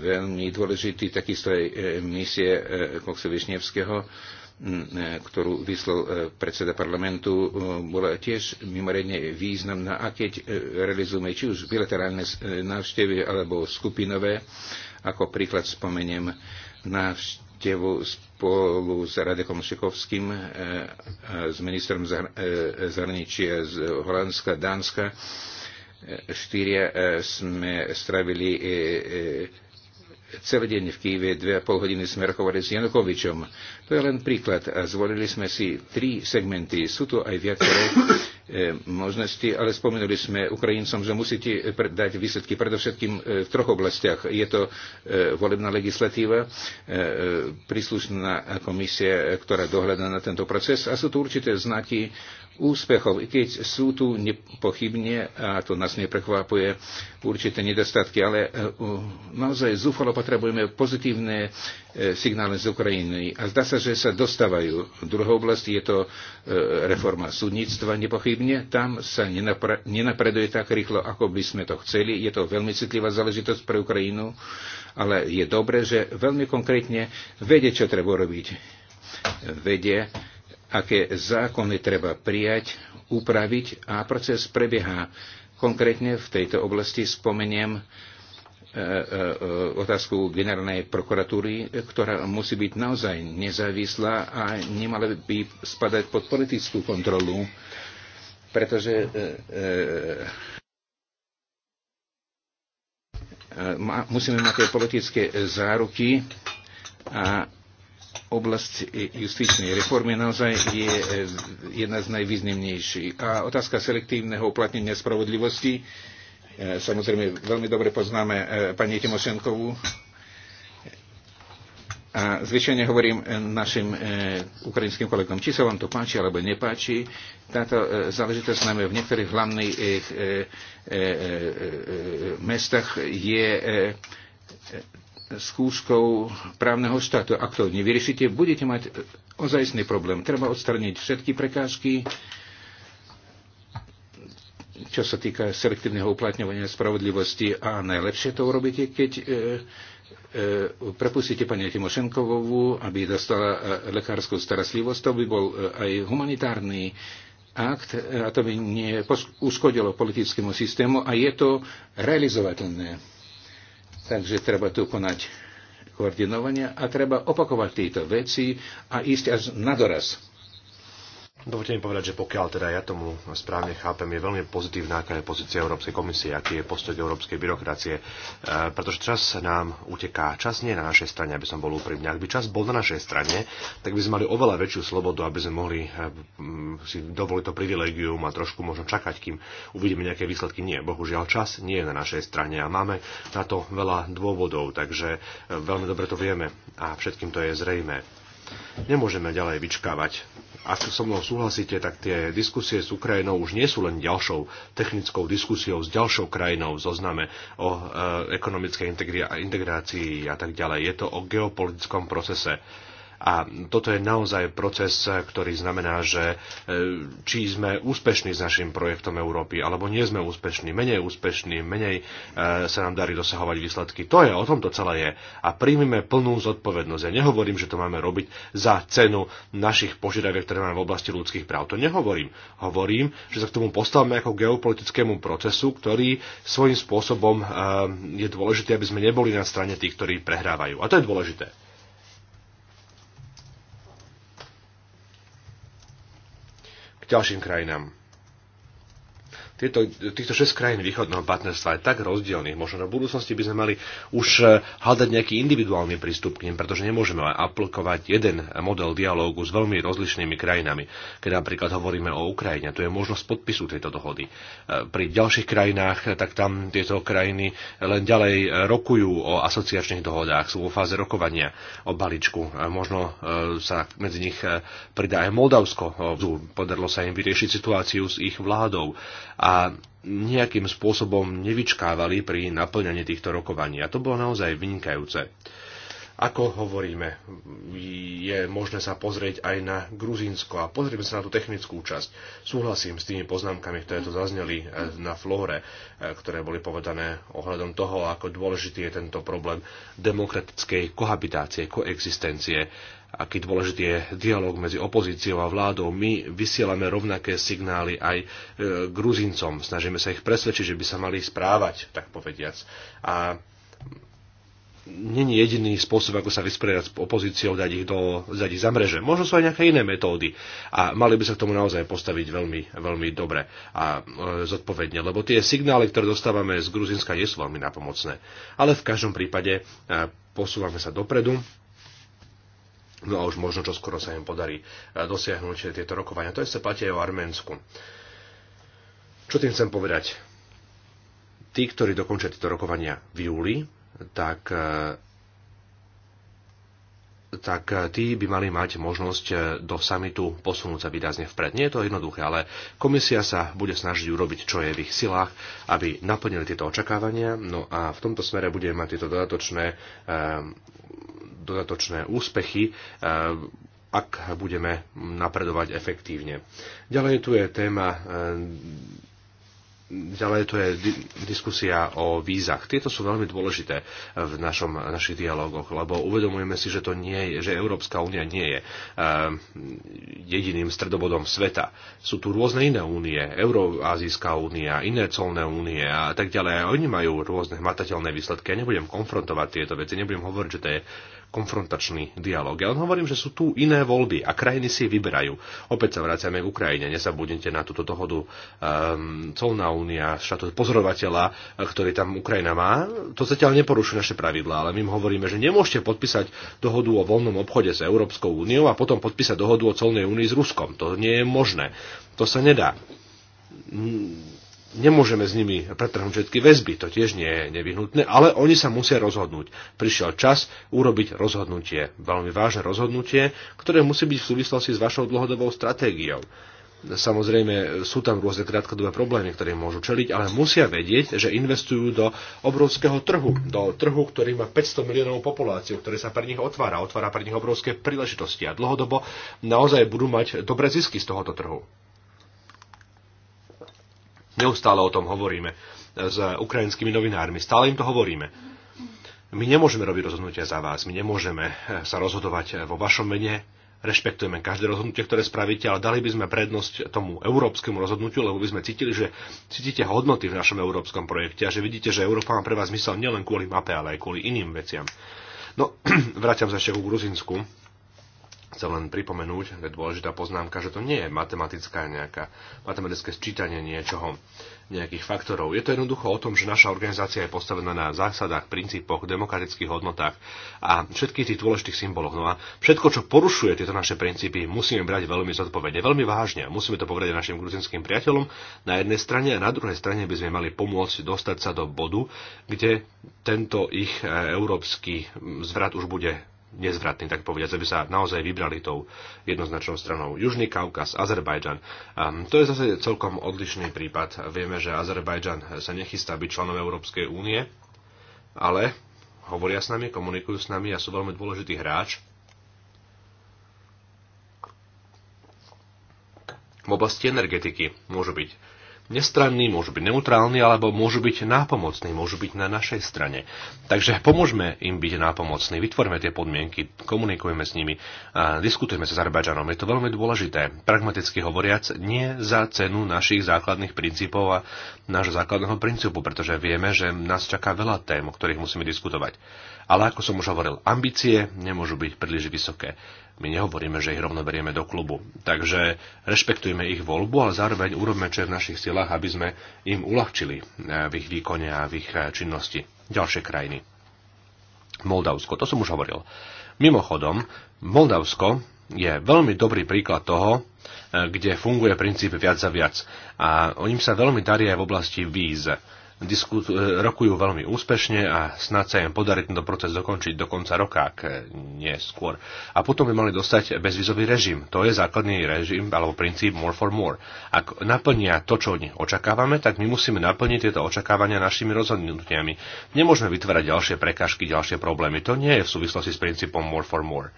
veľmi dôležitý, takisto aj misie Koksovišnevského E, ktorú vyslal e, predseda parlamentu, e, bola tiež mimoriadne významná. A keď realizujeme či už bilaterálne návštevy alebo skupinové, ako príklad spomeniem návštevu spolu s Radekom Šikovským, s ministrom zahraničia z Holandska, Dánska, štyria sme stravili celý deň v Kýve, dve a pol hodiny sme rokovali s Janukovičom. To je len príklad a zvolili sme si tri segmenty. Sú tu aj viaceré eh, možnosti, ale spomenuli sme Ukrajincom, že musíte dať výsledky predovšetkým eh, v troch oblastiach. Je to eh, volebná legislatíva, príslušná komisia, ktorá dohľadá na tento proces a sú tu určité znaky úspechov, i keď sú tu nepochybne, a to nás neprekvapuje, určité nedostatky, ale e, naozaj zúfalo potrebujeme pozitívne e, signály z Ukrajiny a zdá sa, že sa dostávajú. V druhej oblasti je to e, reforma súdnictva, nepochybne. Tam sa nenapreduje tak rýchlo, ako by sme to chceli. Je to veľmi citlivá záležitosť pre Ukrajinu, ale je dobré, že veľmi konkrétne vedie, čo treba robiť. Vedie, aké zákony treba prijať, upraviť a proces prebieha. Konkrétne v tejto oblasti spomeniem e, e, e, otázku generálnej prokuratúry, ktorá musí byť naozaj nezávislá a nemala by spadať pod politickú kontrolu, pretože musíme mať tie politické záruky a oblasť justičnej reformy naozaj je eh, jedna z najvýznamnejších. A otázka selektívneho uplatnenia spravodlivosti, eh, samozrejme veľmi dobre poznáme eh, pani Timošenkovú, a zvyčajne hovorím našim e, ukrajinským kolegom, či sa vám to páči alebo nepáči, táto e, záležitosť najmä v niektorých hlavných e, e, e, e, mestách je e, skúškou právneho štátu. Ak to nevyriešite, budete mať ozajstný problém. Treba odstraniť všetky prekážky, čo sa týka selektívneho uplatňovania spravodlivosti a najlepšie to urobíte, keď e, e, prepustíte pani Timošenkovovú, aby dostala e, lekárskú starostlivosť. To by bol e, aj humanitárny akt e, a to by neuškodilo politickému systému a je to realizovateľné Takže treba tu konať koordinovania a treba opakovať tieto veci a ísť až na doraz. Dovolte mi povedať, že pokiaľ teda ja tomu správne chápem, je veľmi pozitívna, aká je pozícia Európskej komisie, aký je postoj európskej byrokracie, e, pretože čas nám uteká. Čas nie je na našej strane, aby som bol úprimný. Ak by čas bol na našej strane, tak by sme mali oveľa väčšiu slobodu, aby sme mohli e, si dovoliť to privilegium a trošku možno čakať, kým uvidíme nejaké výsledky. Nie, bohužiaľ, čas nie je na našej strane a máme na to veľa dôvodov, takže eh, veľmi dobre to vieme a všetkým to je zrejme. Nemôžeme ďalej vyčkávať. Ak so mnou súhlasíte, tak tie diskusie s Ukrajinou už nie sú len ďalšou technickou diskusiou s ďalšou krajinou v zozname o e, ekonomickej integrácii a tak ďalej. Je to o geopolitickom procese a toto je naozaj proces, ktorý znamená, že e, či sme úspešní s našim projektom Európy, alebo nie sme úspešní, menej úspešní, menej e, sa nám darí dosahovať výsledky. To je, o tom to celé je. A príjmime plnú zodpovednosť. Ja nehovorím, že to máme robiť za cenu našich požiadaviek, ktoré máme v oblasti ľudských práv. To nehovorím. Hovorím, že sa k tomu postavme ako geopolitickému procesu, ktorý svojím spôsobom e, je dôležitý, aby sme neboli na strane tých, ktorí prehrávajú. A to je dôležité. k ďalším krajinám. Tieto, týchto 6 krajín východného partnerstva je tak rozdielných. Možno v budúcnosti by sme mali už e, hľadať nejaký individuálny prístup k nim, pretože nemôžeme aplikovať jeden model dialógu s veľmi rozlišnými krajinami. Keď napríklad hovoríme o Ukrajine, tu je možnosť podpisu tejto dohody. E, pri ďalších krajinách, e, tak tam tieto krajiny len ďalej rokujú o asociačných dohodách, sú vo fáze rokovania o balíčku. Možno sa medzi nich pridá aj Moldavsko. Podarilo sa im vyriešiť situáciu s ich vládou a a nejakým spôsobom nevyčkávali pri naplňaní týchto rokovaní. A to bolo naozaj vynikajúce. Ako hovoríme, je možné sa pozrieť aj na Gruzínsko a pozrieme sa na tú technickú časť. Súhlasím s tými poznámkami, ktoré tu zazneli e, na flóre, e, ktoré boli povedané ohľadom toho, ako dôležitý je tento problém demokratickej kohabitácie, koexistencie aký dôležitý je dialog medzi opozíciou a vládou. My vysielame rovnaké signály aj e, Gruzincom. Snažíme sa ich presvedčiť, že by sa mali správať, tak povediac. A není jediný spôsob, ako sa vysporiadať s opozíciou, dať ich, do, dať ich za mreže. Možno sú aj nejaké iné metódy a mali by sa k tomu naozaj postaviť veľmi, veľmi dobre a e, zodpovedne, lebo tie signály, ktoré dostávame z Gruzinska, nie sú veľmi napomocné. Ale v každom prípade e, posúvame sa dopredu No a už možno čo skoro sa im podarí e, dosiahnuť e, tieto rokovania. To sa platí aj o Arménsku. Čo tým chcem povedať? Tí, ktorí dokončia tieto rokovania v júli, tak e, tak tí by mali mať možnosť do samitu posunúť sa výrazne vpred. Nie je to jednoduché, ale komisia sa bude snažiť urobiť, čo je v ich silách, aby naplnili tieto očakávania. No a v tomto smere bude mať tieto dodatočné dodatočné úspechy, eh, ak budeme napredovať efektívne. Ďalej tu je téma eh, Ďalej to je diskusia o vízach. Tieto sú veľmi dôležité v našom, našich dialogoch, lebo uvedomujeme si, že, to nie je, že Európska únia nie je ehm, jediným stredobodom sveta. Sú tu rôzne iné únie, Euroazijská únia, iné colné únie a tak ďalej. Oni majú rôzne hmatateľné výsledky. Ja nebudem konfrontovať tieto veci, nebudem hovoriť, že to je konfrontačný dialog. Ja len hovorím, že sú tu iné voľby a krajiny si vyberajú. Opäť sa vraciame k Ukrajine, nezabudnite na túto dohodu um, colná únia únia, štátu pozorovateľa, eh, ktorý tam Ukrajina má, to zatiaľ neporušuje naše pravidlá, ale my im hovoríme, že nemôžete podpísať dohodu o voľnom obchode s Európskou úniou a potom podpísať dohodu o colnej únii s Ruskom. To nie je možné. To sa nedá. Nemôžeme s nimi pretrhnúť všetky väzby, to tiež nie je nevyhnutné, ale oni sa musia rozhodnúť. Prišiel čas urobiť rozhodnutie, veľmi vážne rozhodnutie, ktoré musí byť v súvislosti s vašou dlhodobou stratégiou. Samozrejme, sú tam rôzne krátkodobé problémy, ktoré môžu čeliť, ale musia vedieť, že investujú do obrovského trhu, do trhu, ktorý má 500 miliónov populáciu, ktoré sa pre nich otvára, otvára pre nich obrovské príležitosti a dlhodobo naozaj budú mať dobré zisky z tohoto trhu. Neustále o tom hovoríme s ukrajinskými novinármi, stále im to hovoríme. My nemôžeme robiť rozhodnutia za vás, my nemôžeme sa rozhodovať vo vašom mene, rešpektujeme každé rozhodnutie, ktoré spravíte, ale dali by sme prednosť tomu európskemu rozhodnutiu, lebo by sme cítili, že cítite hodnoty v našom európskom projekte a že vidíte, že Európa má pre vás zmysel nielen kvôli mape, ale aj kvôli iným veciam. No, vraciam sa ešte ku Gruzinsku. Chcem len pripomenúť, že je dôležitá poznámka, že to nie je matematická nejaká, matematické sčítanie niečoho nejakých faktorov. Je to jednoducho o tom, že naša organizácia je postavená na zásadách, princípoch, demokratických hodnotách a všetkých tých dôležitých symboloch. No a všetko, čo porušuje tieto naše princípy, musíme brať veľmi zodpovedne, veľmi vážne. Musíme to povedať našim gruzinským priateľom na jednej strane a na druhej strane by sme mali pomôcť dostať sa do bodu, kde tento ich e, európsky zvrat už bude nezvratný, tak povedať, aby sa naozaj vybrali tou jednoznačnou stranou. Južný Kaukaz, Azerbajdžan. Um, to je zase celkom odlišný prípad. Vieme, že Azerbajdžan sa nechystá byť členom Európskej únie, ale hovoria s nami, komunikujú s nami a sú veľmi dôležitý hráč v oblasti energetiky môžu byť nestranní, môžu byť neutrálni, alebo môžu byť nápomocní, môžu byť na našej strane. Takže pomôžme im byť nápomocní, vytvorme tie podmienky, komunikujeme s nimi, a diskutujeme s Azerbajdžanom. Je to veľmi dôležité, pragmaticky hovoriac, nie za cenu našich základných princípov a nášho základného princípu, pretože vieme, že nás čaká veľa tém, o ktorých musíme diskutovať ale ako som už hovoril, ambície nemôžu byť príliš vysoké. My nehovoríme, že ich rovno berieme do klubu. Takže rešpektujme ich voľbu, ale zároveň urobme, čo je v našich silách, aby sme im uľahčili eh, v ich výkone a v ich eh, činnosti. Ďalšie krajiny. Moldavsko, to som už hovoril. Mimochodom, Moldavsko je veľmi dobrý príklad toho, eh, kde funguje princíp viac za viac. A ním sa veľmi darí aj v oblasti víz rokujú veľmi úspešne a snad sa im podarí tento proces dokončiť do konca roka, ak nie skôr. A potom by mali dostať bezvizový režim. To je základný režim alebo princíp more for more. Ak naplnia to, čo od nich očakávame, tak my musíme naplniť tieto očakávania našimi rozhodnutiami. Nemôžeme vytvárať ďalšie prekážky, ďalšie problémy. To nie je v súvislosti s princípom more for more.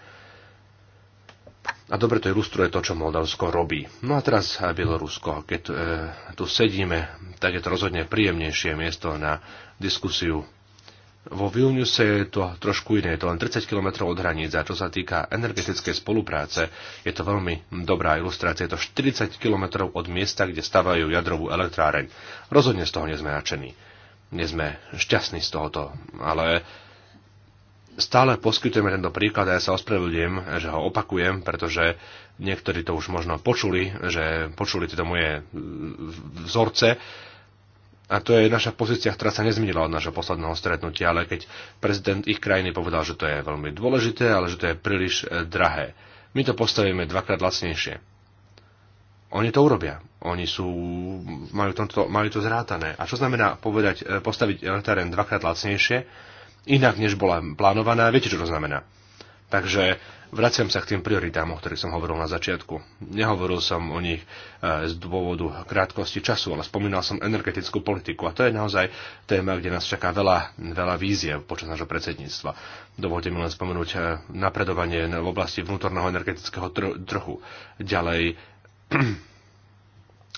A dobre to ilustruje to, čo Moldavsko robí. No a teraz eh, Bielorusko. Keď e, tu sedíme, tak je to rozhodne príjemnejšie miesto na diskusiu. Vo Vilniuse je to trošku iné, je to len 30 km od hraníc a čo sa týka energetickej spolupráce, je to veľmi dobrá ilustrácia. Je to 40 km od miesta, kde stavajú jadrovú elektráreň. Rozhodne z toho nie sme nadšení. Nie sme šťastní z tohoto, ale stále poskytujeme tento príklad a ja sa ospravedlňujem, že ho opakujem, pretože niektorí to už možno počuli, že počuli tieto moje mm, vzorce. A to je naša pozícia, ktorá sa nezmenila od našho posledného stretnutia, ale keď prezident ich krajiny povedal, že to je veľmi dôležité, ale že to je príliš e, drahé. My to postavíme dvakrát lacnejšie. Oni to urobia. Oni sú, majú, tomto, majú to zrátané. A čo znamená povedať, e, postaviť elektráren dvakrát lacnejšie? inak, než bola plánovaná. Viete, čo to znamená? Takže vraciam sa k tým prioritám, o ktorých som hovoril na začiatku. Nehovoril som o nich e, z dôvodu krátkosti času, ale spomínal som energetickú politiku a to je naozaj téma, kde nás čaká veľa, veľa víziev počas nášho predsedníctva. Dovolte mi len spomenúť e, napredovanie v oblasti vnútorného energetického trhu. Ďalej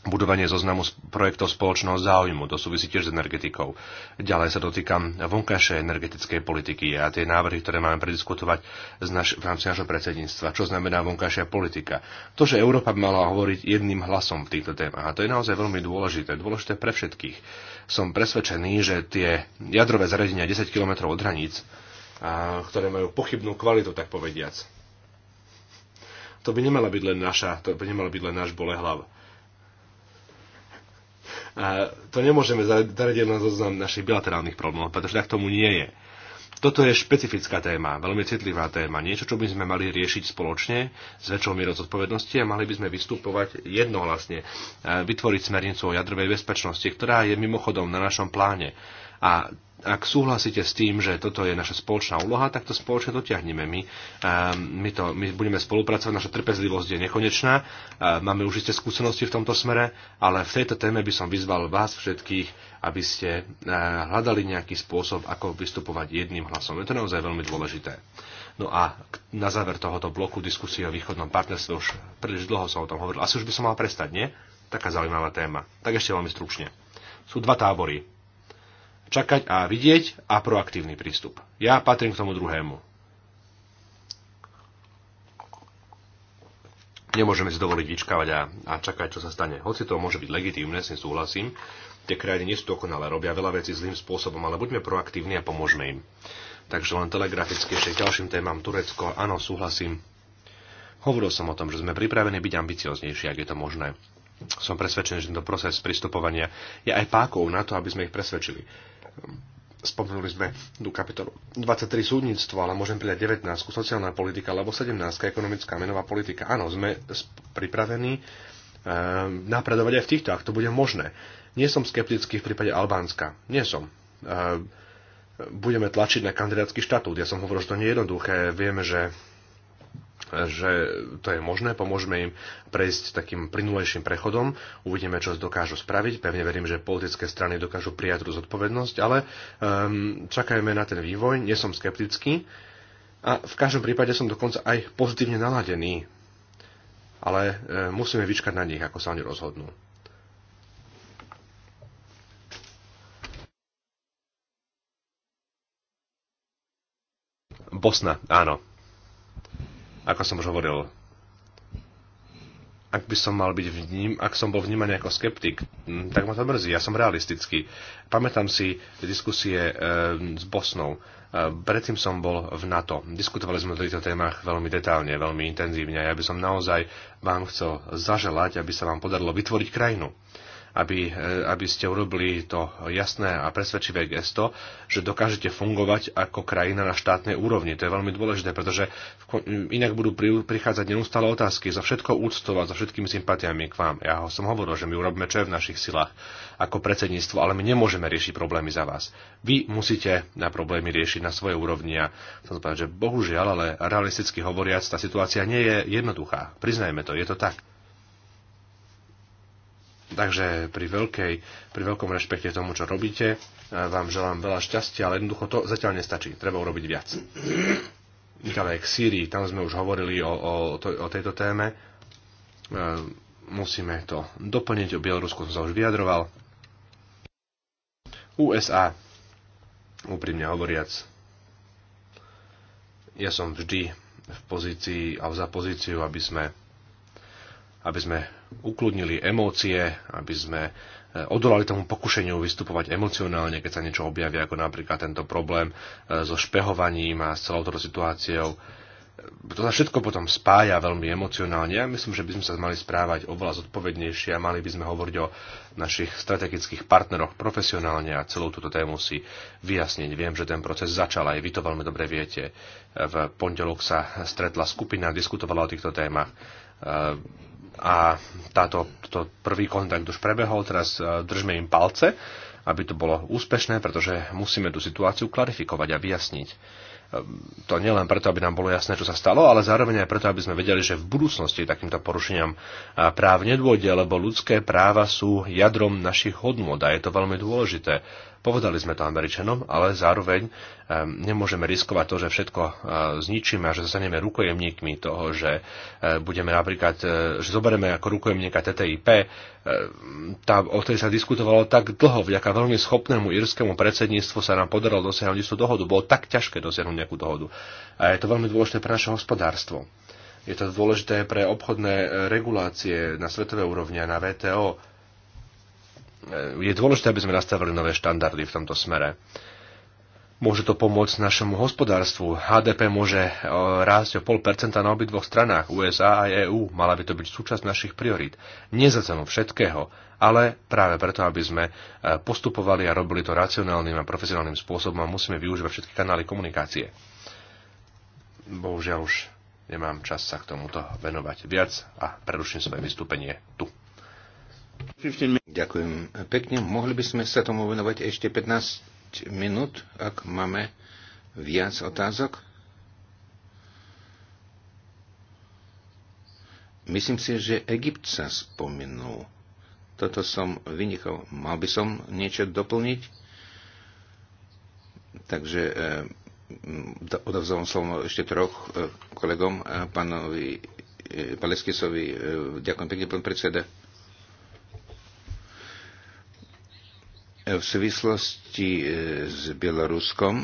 budovanie zoznamu projektov spoločného záujmu. To súvisí tiež s energetikou. Ďalej sa dotýkam vonkajšej energetickej politiky a tie návrhy, ktoré máme prediskutovať z naš, v rámci našho predsedníctva. Čo znamená vonkajšia politika? To, že Európa by mala hovoriť jedným hlasom v týchto témach. A to je naozaj veľmi dôležité. Dôležité pre všetkých. Som presvedčený, že tie jadrové zariadenia 10 km od hraníc, a, ktoré majú pochybnú kvalitu, tak povediac, to by nemala byť len naša, to by nemala byť len náš bolehlav to nemôžeme zaradiť na zoznam našich bilaterálnych problémov, pretože tak tomu nie je. Toto je špecifická téma, veľmi citlivá téma, niečo, čo by sme mali riešiť spoločne s väčšou mierou zodpovednosti a mali by sme vystupovať jednohlasne, vytvoriť smernicu o jadrovej bezpečnosti, ktorá je mimochodom na našom pláne. A ak súhlasíte s tým, že toto je naša spoločná úloha, tak to spoločne dotiahneme. My, ehm, my, to, my budeme spolupracovať, naša trpezlivosť je nekonečná, ehm, máme už isté skúsenosti v tomto smere, ale v tejto téme by som vyzval vás všetkých, aby ste ehm, hľadali nejaký spôsob, ako vystupovať jedným hlasom. Je to naozaj veľmi dôležité. No a na záver tohoto bloku diskusie o východnom partnerstve už príliš dlho som o tom hovoril. Asi už by som mal prestať, nie? Taká zaujímavá téma. Tak ešte veľmi stručne. Sú dva tábory čakať a vidieť a proaktívny prístup. Ja patrím k tomu druhému. Nemôžeme si dovoliť vyčkávať a, a čakať, čo sa stane. Hoci to môže byť legitímne, s tým súhlasím. Tie krajiny nie sú dokonalé, robia veľa vecí zlým spôsobom, ale buďme proaktívni a pomôžme im. Takže len telegraficky ešte ďalším témam Turecko. Áno, súhlasím. Hovoril som o tom, že sme pripravení byť ambicioznejší, ak je to možné. Som presvedčený, že tento proces pristupovania je aj pákou na to, aby sme ich presvedčili spomenuli sme tú kapitolu 23 súdnictvo, ale môžem pridať 19 sociálna politika, alebo 17 ekonomická menová politika. Áno, sme pripravení eh, napredovať aj v týchto, ak to bude možné. Nie som skeptický v prípade Albánska. Nie som. Eh, budeme tlačiť na kandidátsky štatút. Ja som hovoril, že to nie je jednoduché. Vieme, že že to je možné, pomôžeme im prejsť takým prinulejším prechodom, uvidíme, čo dokážu spraviť. Pevne verím, že politické strany dokážu prijať tú zodpovednosť, ale um, čakajme na ten vývoj, nie som skeptický a v každom prípade som dokonca aj pozitívne naladený, ale um, musíme vyčkať na nich, ako sa oni rozhodnú. Bosna, áno. Ako som už hovoril, ak by som mal byť vním, ak som bol vnímaný ako skeptik, hm, tak ma to mrzí, ja som realistický. Pamätám si diskusie e, s Bosnou. E, predtým som bol v NATO. Diskutovali sme o týchto témach veľmi detálne, veľmi intenzívne. Ja by som naozaj vám chcel zaželať, aby sa vám podarilo vytvoriť krajinu, aby, e, aby ste urobili to jasné a presvedčivé gesto, že dokážete fungovať ako krajina na štátnej úrovni. To je veľmi dôležité, pretože inak budú prichádzať neustále otázky za všetko úctou a za všetkými sympatiami k vám. Ja som hovoril, že my urobíme, čo je v našich silách ako predsedníctvo, ale my nemôžeme riešiť problémy za vás. Vy musíte na problémy riešiť na svojej úrovni a som povedal, že bohužiaľ, ale realisticky hovoriac, tá situácia nie je jednoduchá. Priznajme to, je to tak. Takže pri, veľkej, pri veľkom rešpekte tomu, čo robíte, e, vám želám veľa šťastia, ale jednoducho to zatiaľ nestačí. Treba urobiť viac. Nikale k Sýrii, tam sme už hovorili o, o, to, o tejto téme. E, musíme to doplniť, o Bielorusku som sa už vyjadroval. USA, úprimne hovoriac, ja som vždy v pozícii a za pozíciu, aby sme, aby sme ukludnili emócie, aby sme e, odolali tomu pokušeniu vystupovať emocionálne, keď sa niečo objaví, ako napríklad tento problém e, so špehovaním a s celou touto situáciou. E, to sa všetko potom spája veľmi emocionálne. Ja myslím, že by sme sa mali správať oveľa zodpovednejšie a mali by sme hovoriť o našich strategických partneroch profesionálne a celú túto tému si vyjasniť. Viem, že ten proces začal aj vy to veľmi dobre viete. V pondelok sa stretla skupina, diskutovala o týchto témach a táto, to prvý kontakt už prebehol, teraz e, držme im palce, aby to bolo úspešné, pretože musíme tú situáciu klarifikovať a vyjasniť. E, to nielen preto, aby nám bolo jasné, čo sa stalo, ale zároveň aj preto, aby sme vedeli, že v budúcnosti takýmto porušeniam e, práv nedôjde, lebo ľudské práva sú jadrom našich hodnôt a je to veľmi dôležité. Povedali sme to Američanom, ale zároveň nemôžeme riskovať to, že všetko eh, zničíme a že zostaneme rukojemníkmi toho, že eh, budeme napríklad, eh, že zoberieme ako rukojemníka TTIP. Tá, o ktorej sa diskutovalo tak dlho, vďaka veľmi schopnému írskému predsedníctvu sa nám podarilo dosiahnuť istú dohodu. Bolo tak ťažké dosiahnuť nejakú dohodu. A je to veľmi dôležité pre naše hospodárstvo. Je to dôležité pre obchodné regulácie na svetovej úrovni a na VTO E, je dôležité, aby sme nastavili nové štandardy v tomto smere. Môže to pomôcť našemu hospodárstvu. HDP môže e, rásť o 0,5% na obidvoch stranách, USA a EÚ. Mala by to byť súčasť našich priorít. Nie za cenu všetkého, ale práve preto, aby sme e, postupovali a robili to racionálnym a profesionálnym spôsobom a musíme využívať všetky kanály komunikácie. Bohužiaľ už nemám čas sa k tomuto venovať viac a preruším svoje vystúpenie tu. Ďakujem pekne. Mohli by sme sa tomu venovať ešte 15 minút, ak máme viac otázok? Myslím si, že Egypt sa spomenul. Toto som vynichal. Mal by som niečo doplniť? Takže e, odovzal slovo ešte troch e, kolegom, a e, pánovi e, Paleskisovi. E, ďakujem pekne, pán predseda. E, v súvislosti e, s Bieloruskom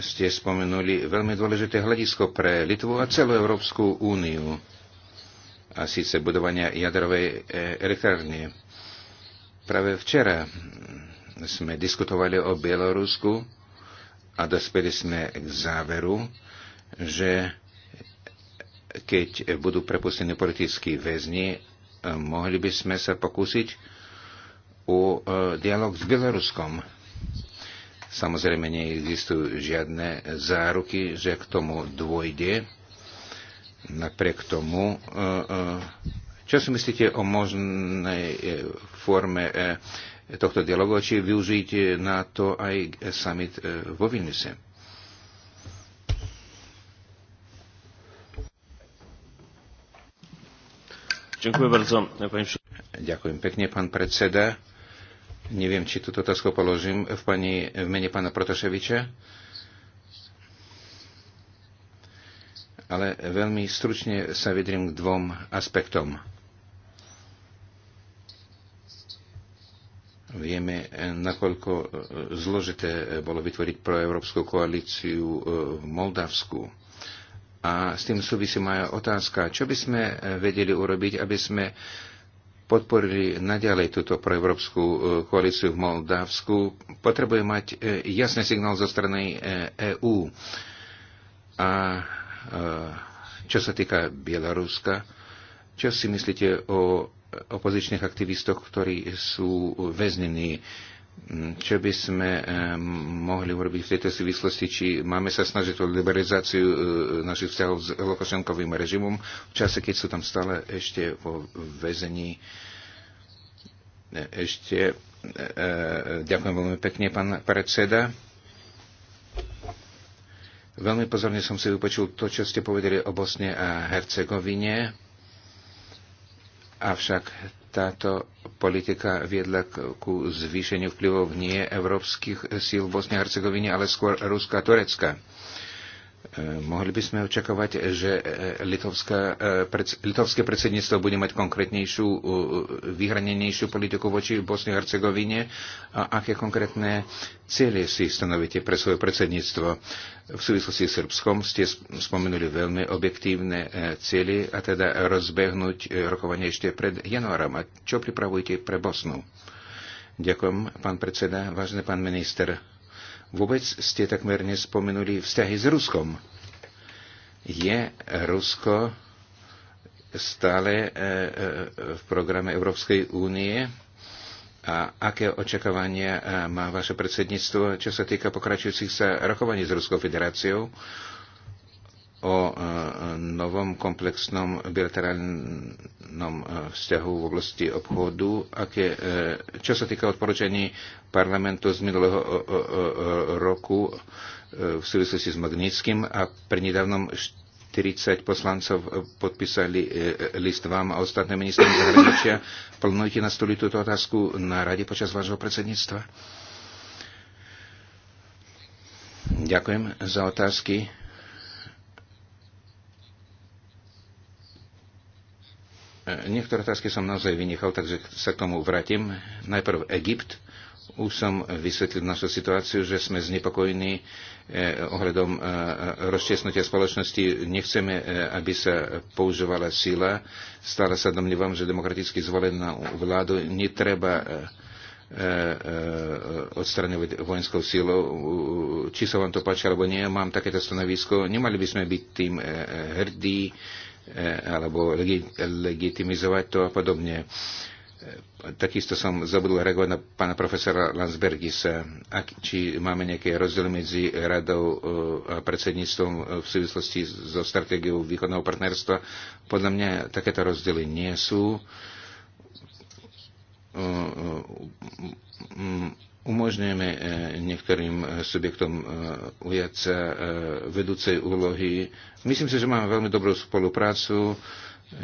ste spomenuli veľmi dôležité hľadisko pre Litvu a celú Európsku úniu, a síce budovania jadrovej e, elektrárne. Práve včera sme diskutovali o Bielorusku a dospeli sme k záveru, že keď budú prepustení politickí väzni, mohli by sme sa pokúsiť o e, dialog s Bieloruskom. Samozrejme, neexistujú žiadne záruky, že k tomu dôjde. Napriek tomu, e, e, čo si myslíte o možnej forme tohto dialogu, či využiť na to aj summit vo Vilniuse? Ďakujem, Ďakujem pekne, pán predseda. Neviem, či túto otázku položím v, pani, v mene pána Protaševiča. Ale veľmi stručne sa vydrím k dvom aspektom. Vieme, nakoľko zložité bolo vytvoriť proeurópsku koalíciu e, v Moldavsku. A s tým súvisí moja otázka, čo by sme vedeli urobiť, aby sme podporili naďalej túto proevropskú e, koalíciu v Moldavsku, potrebuje mať e, jasný signál zo strany EÚ. E A čo sa týka Bieloruska, čo si myslíte o opozičných aktivistoch, ktorí sú väznení Mm, čo by sme eh, mohli urobiť v tejto súvislosti? Či máme sa snažiť o liberalizáciu eh, našich vzťahov s Lukašenkovým režimom v čase, keď sú tam stále ešte vo väzení? Eh, ešte ďakujem veľmi pekne, pán predseda. Veľmi pozorne som si vypočul to, čo ste povedali o Bosne a Hercegovine. Avšak táto politika viedla ku zvýšeniu vplyvov nie európskych síl v Bosne a Hercegovine, ale skôr Ruska a Turecka. E, mohli by sme očakávať, e, že e, litovské predsedníctvo bude mať konkrétnejšiu, vyhranenejšiu politiku voči Bosne a Hercegovine a aké konkrétne cieľe si stanovíte pre svoje predsedníctvo? V súvislosti s Srbskom ste spomenuli veľmi objektívne cieľe a teda rozbehnúť rokovanie ešte pred januárom. A čo pripravujete pre Bosnu? Ďakujem, pán predseda, vážne pán minister. Vôbec ste takmer nespomenuli vzťahy s Ruskom. Je Rusko stále e, e, v programe Európskej únie? A aké očakávania e, má vaše predsedníctvo, čo sa týka pokračujúcich sa rokovaní s Ruskou federáciou? o e, novom komplexnom bilaterálnom e, vzťahu v oblasti obchodu, aké, e, čo sa týka odporúčaní parlamentu z minulého roku v súvislosti s Magnickým a pri nedávnom 40 poslancov podpísali list vám a ostatné ministrom zahraničia. na stoli túto otázku na rade počas vášho predsedníctva? Ďakujem za otázky. Niektoré otázky som naozaj vynechal, takže sa k tomu vrátim. Najprv Egypt. Už som vysvetlil našu situáciu, že sme znepokojení eh, ohľadom eh, rozčesnutia spoločnosti. Nechceme, eh, aby sa používala sila. Stále sa domnívam, že demokraticky zvolenú vládu netreba odstraňovať vojenskou sílou. Či sa vám to páči alebo nie, mám takéto stanovisko. Nemali by sme byť tým hrdí, E, alebo legitimizovať to a podobne. E, takisto som zabudol reagovať na pána profesora Landsbergisa, ak, či máme nejaké rozdiely medzi radou e, a predsedníctvom v súvislosti so stratégiou východného partnerstva. Podľa mňa takéto rozdiely nie sú umožňujeme e, niektorým e, subjektom e, ujať sa vedúcej úlohy. Myslím si, že máme veľmi dobrú spoluprácu.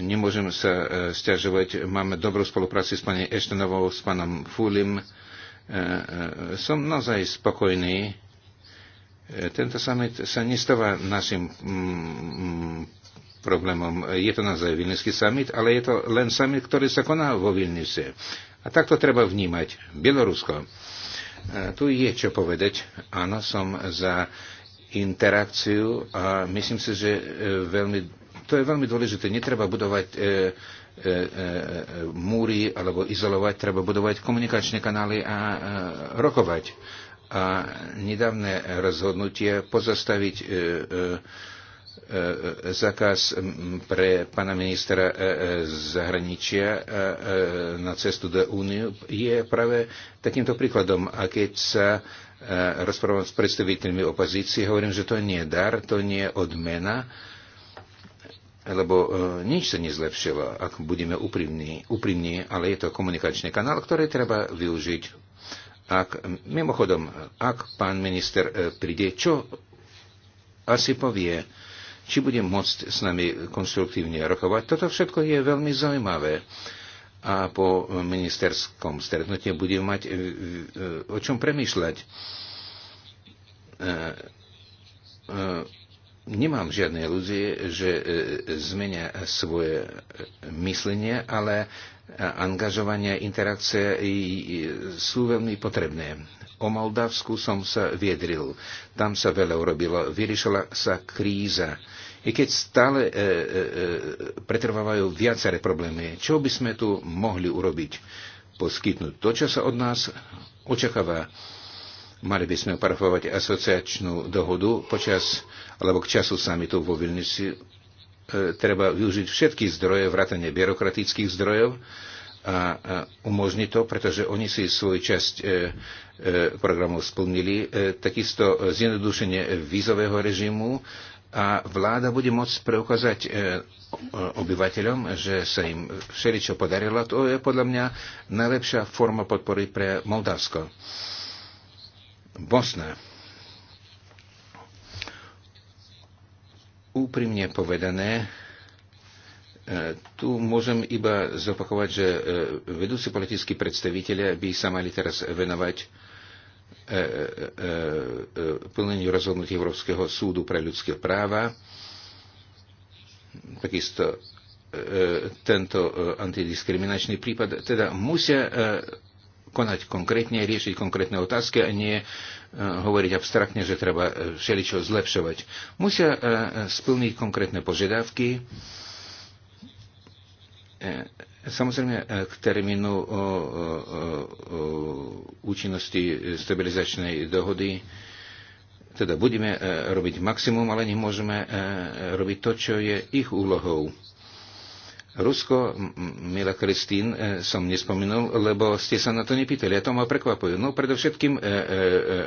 Nemôžem sa stiažovať. Máme dobrú spoluprácu s pani Eštenovou, s pánom Fulim. Som naozaj spokojný. Tento summit sa nestáva našim mm, mm, problémom. Je to naozaj Vilnický summit, ale je to len summit, ktorý sa koná vo Vilniuse. A takto treba vnímať Bielorusko tu je čo povedať. Áno, som za interakciu a myslím si, že e, veľmi, to je veľmi dôležité. Netreba budovať e, e, e, múry alebo izolovať, treba budovať komunikačné kanály a e, rokovať. A nedávne rozhodnutie pozastaviť e, e, E, e, zákaz pre pana ministra e, zahraničia na cestu do Úniu je práve takýmto príkladom. A keď sa rozprávam s predstaviteľmi opozície, hovorím, že to nie je dar, to nie je odmena, lebo nič sa nezlepšilo, ak budeme úprimní, úprimní, ale je to komunikačný kanál, ktorý treba využiť. Ak, mimochodom, ak pán minister príde, čo asi povie? či bude môcť s nami konstruktívne rokovať. Toto všetko je veľmi zaujímavé a po ministerskom stretnutí budem mať e, e, o čom premýšľať. E, nemám žiadne ilúzie, že zmenia svoje myslenie, ale angažovanie a interakcie sú veľmi potrebné. O Moldavsku som sa viedril. Tam sa veľa urobilo. Vyriešila sa kríza. I keď stále e, e, e, pretrvávajú viaceré problémy, čo by sme tu mohli urobiť? Poskytnúť to, čo sa od nás očakáva. Mali by sme parafovať asociačnú dohodu počas, alebo k času samitu vo Vilniusi. E, treba využiť všetky zdroje, vrátanie byrokratických zdrojov, a umožní to, pretože oni si svoju časť e, e, programov splnili. E, takisto zjednodušenie vízového režimu a vláda bude môcť preukázať obyvateľom, že sa im všeličo podarilo. To je podľa mňa najlepšia forma podpory pre Moldavsko. Bosna. Úprimne povedané, E, tu môžem iba zopakovať, že e, vedúci politickí predstavitelia by sa mali teraz venovať e, plneniu rozhodnutí Európskeho súdu pre ľudské práva. Takisto tento antidiskriminačný prípad. Teda musia konať konkrétne, riešiť konkrétne otázky a nie hovoriť abstraktne, že treba všeličo zlepšovať. Musia splniť konkrétne požiadavky E, samozrejme, e, k termínu o, o, o účinnosti stabilizačnej dohody teda budeme e, robiť maximum, ale nemôžeme robiť to, čo je ich úlohou. Rusko, milá Kristín, som nespomenul, lebo ste sa na to nepýtali. Ja to ma prekvapujú. No, predovšetkým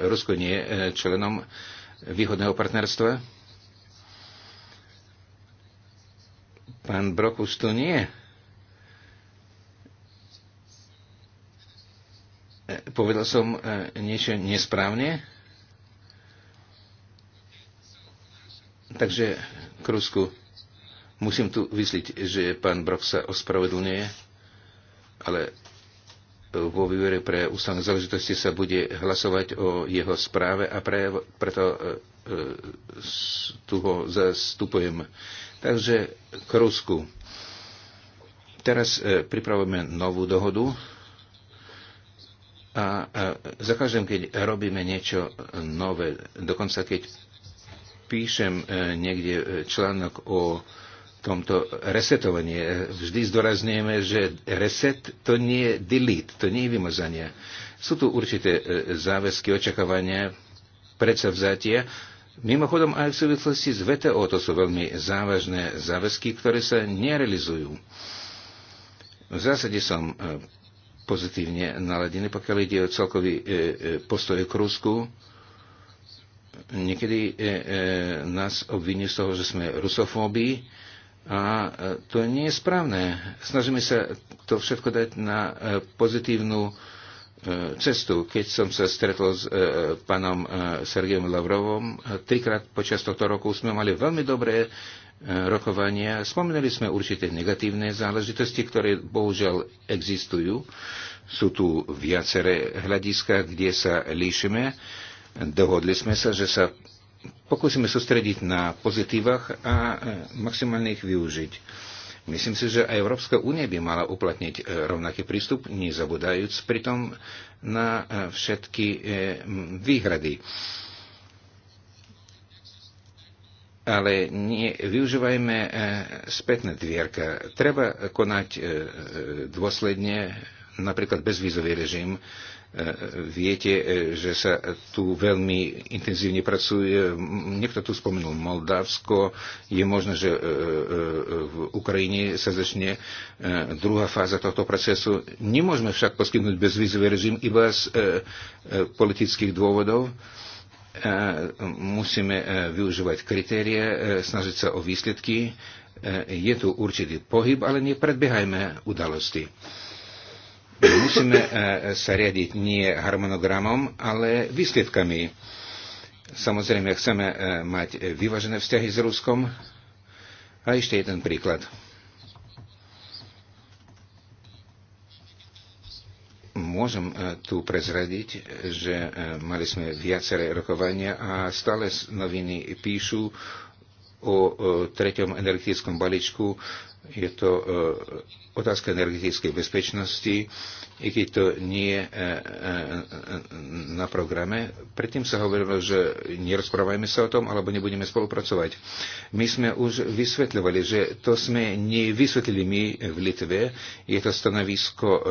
Rusko nie je členom výhodného partnerstva. Pán Brokus tu nie je. Povedal som e, niečo nesprávne? Takže k Rusku musím tu vysliť, že pán Brok sa ospravedlňuje, ale e, vo vývere pre ústavné záležitosti sa bude hlasovať o jeho správe a pre, preto e, tu ho zastupujem. Takže k Rusku. Teraz pripravujeme novú dohodu a za každým, keď robíme niečo nové, dokonca keď píšem e, niekde e, článok o tomto resetovaní, e, vždy zdorazňujeme, že reset to nie je delete, to nie je vymazanie. Sú tu určité záväzky, očakávania, predsavzatia. Mimochodom aj v súvislosti s VTO to sú veľmi závažné záväzky, ktoré sa nerealizujú. V zásade som pozitívne naladené, pokiaľ ide o celkový e, e, postoj k Rusku. Niekedy e, nás obvinujú z toho, že sme rusofóbi. a to nie je správne. Snažíme sa to všetko dať na pozitívnu cestu. Keď som sa stretol s pánom Sergejom Lavrovom, trikrát počas tohto roku sme mali veľmi dobré rokovania. Spomenuli sme určité negatívne záležitosti, ktoré bohužiaľ existujú. Sú tu viaceré hľadiska, kde sa líšime. Dohodli sme sa, že sa pokúsime sústrediť na pozitívach a e, maximálne ich využiť. Myslím si, že aj Európska únia by mala uplatniť e, rovnaký prístup, nezabudajúc pritom na e, všetky výhrady ale nie, využívajme e, spätné dvierka. Treba konať e, e, dôsledne, napríklad bezvízový režim. Viete, že sa tu veľmi intenzívne pracuje. Niekto tu spomenul Moldavsko. Je možné, že v Ukrajine sa začne druhá fáza tohto procesu. Nemôžeme však poskytnúť bezvízový režim iba z politických dôvodov. E, musíme e, využívať kritérie, e, snažiť sa o výsledky. Je tu určitý pohyb, ale nepredbiehajme udalosti. Musíme sa riadiť nie harmonogramom, ale výsledkami. Samozrejme, chceme mať vyvážené vzťahy s Ruskom. A ešte jeden príklad. Môžem e, tu prezradiť, že e, mali sme viaceré rokovania a stále noviny píšu o treťom energetickom balíčku je to e, otázka energetickej bezpečnosti, i keď to nie je e, na programe. Predtým sa hovorilo, že nerozprávajme sa o tom, alebo nebudeme spolupracovať. My sme už vysvetľovali, že to sme nevysvetlili my v Litve. Je to stanovisko e,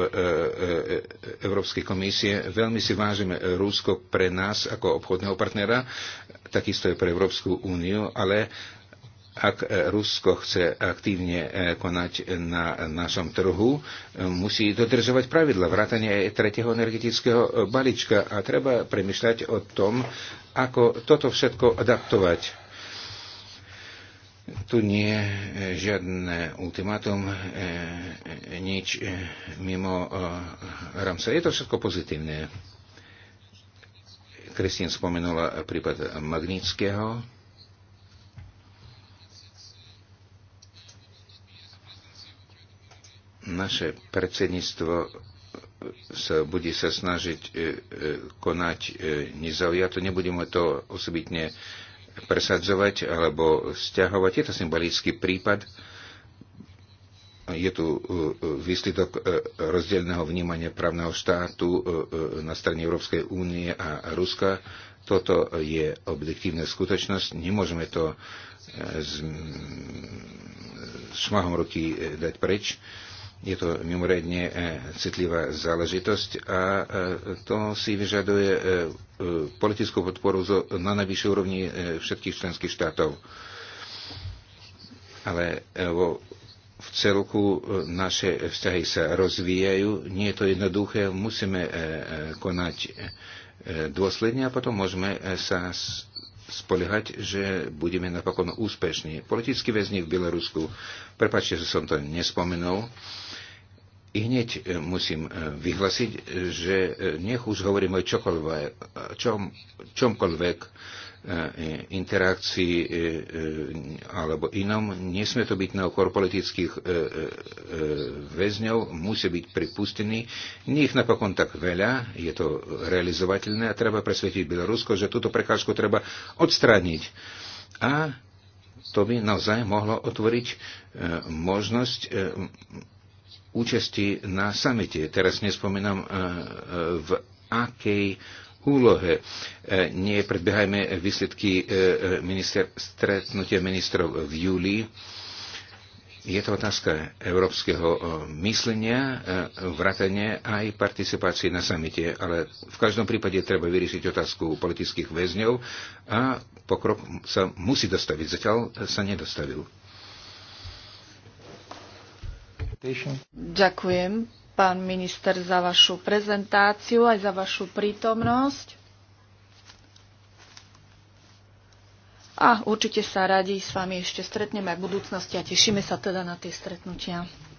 Európskej komisie. Veľmi si vážime Rusko pre nás ako obchodného partnera, takisto je pre Európsku úniu, ale ak e, Rusko chce aktívne e, konať e, na našom trhu, musí dodržovať pravidla vrátania tretieho energetického balíčka a treba premyšľať o tom, ako toto všetko adaptovať. Tu nie je žiadne ultimátum, nič mimo rámca. Je to všetko pozitívne. Kristín spomenula prípad Magnického Naše predsedníctvo sa bude sa snažiť e, e, konať e, nezaujato. Ja to nebudeme to osobitne presadzovať alebo stiahovať. Je to symbolický prípad. Je tu výsledok rozdielného vnímania právneho štátu na strane Európskej únie a Ruska. Toto je objektívna skutočnosť. Nemôžeme to s šmahom ruky dať preč. Je to mimoriadne e, citlivá záležitosť a e, to si vyžaduje e, politickú podporu na najvyššej úrovni všetkých členských štátov. Ale vo v celku naše vzťahy sa rozvíjajú. Nie je to jednoduché, musíme konať dôsledne a potom môžeme sa spoliehať, že budeme napokon úspešní. politický väzni v Bielorusku, prepačte, že som to nespomenul, i hneď e, musím e, vyhlasiť, že e, nech už hovoríme o čokoľvek, čom, čomkoľvek, E, interakcii e, e, alebo inom. Nesmie to byť na okor politických väzňov, musia byť pripustení. Nie ich napokon tak veľa, je to realizovateľné a treba presvetiť Bielorusko, že túto prekážku treba odstrániť. A to by naozaj mohlo otvoriť možnosť účasti na samite. Teraz nespomínam, v akej úlohe. E, nie predbiehajme výsledky e, minister, stretnutia ministrov v júli. Je to otázka európskeho e, myslenia, vratania aj participácie na samite, ale v každom prípade treba vyriešiť otázku politických väzňov a pokrok sa musí dostaviť. Zatiaľ sa nedostavil. Ďakujem pán minister, za vašu prezentáciu, aj za vašu prítomnosť. A určite sa radi s vami ešte stretneme aj v budúcnosti a tešíme sa teda na tie stretnutia.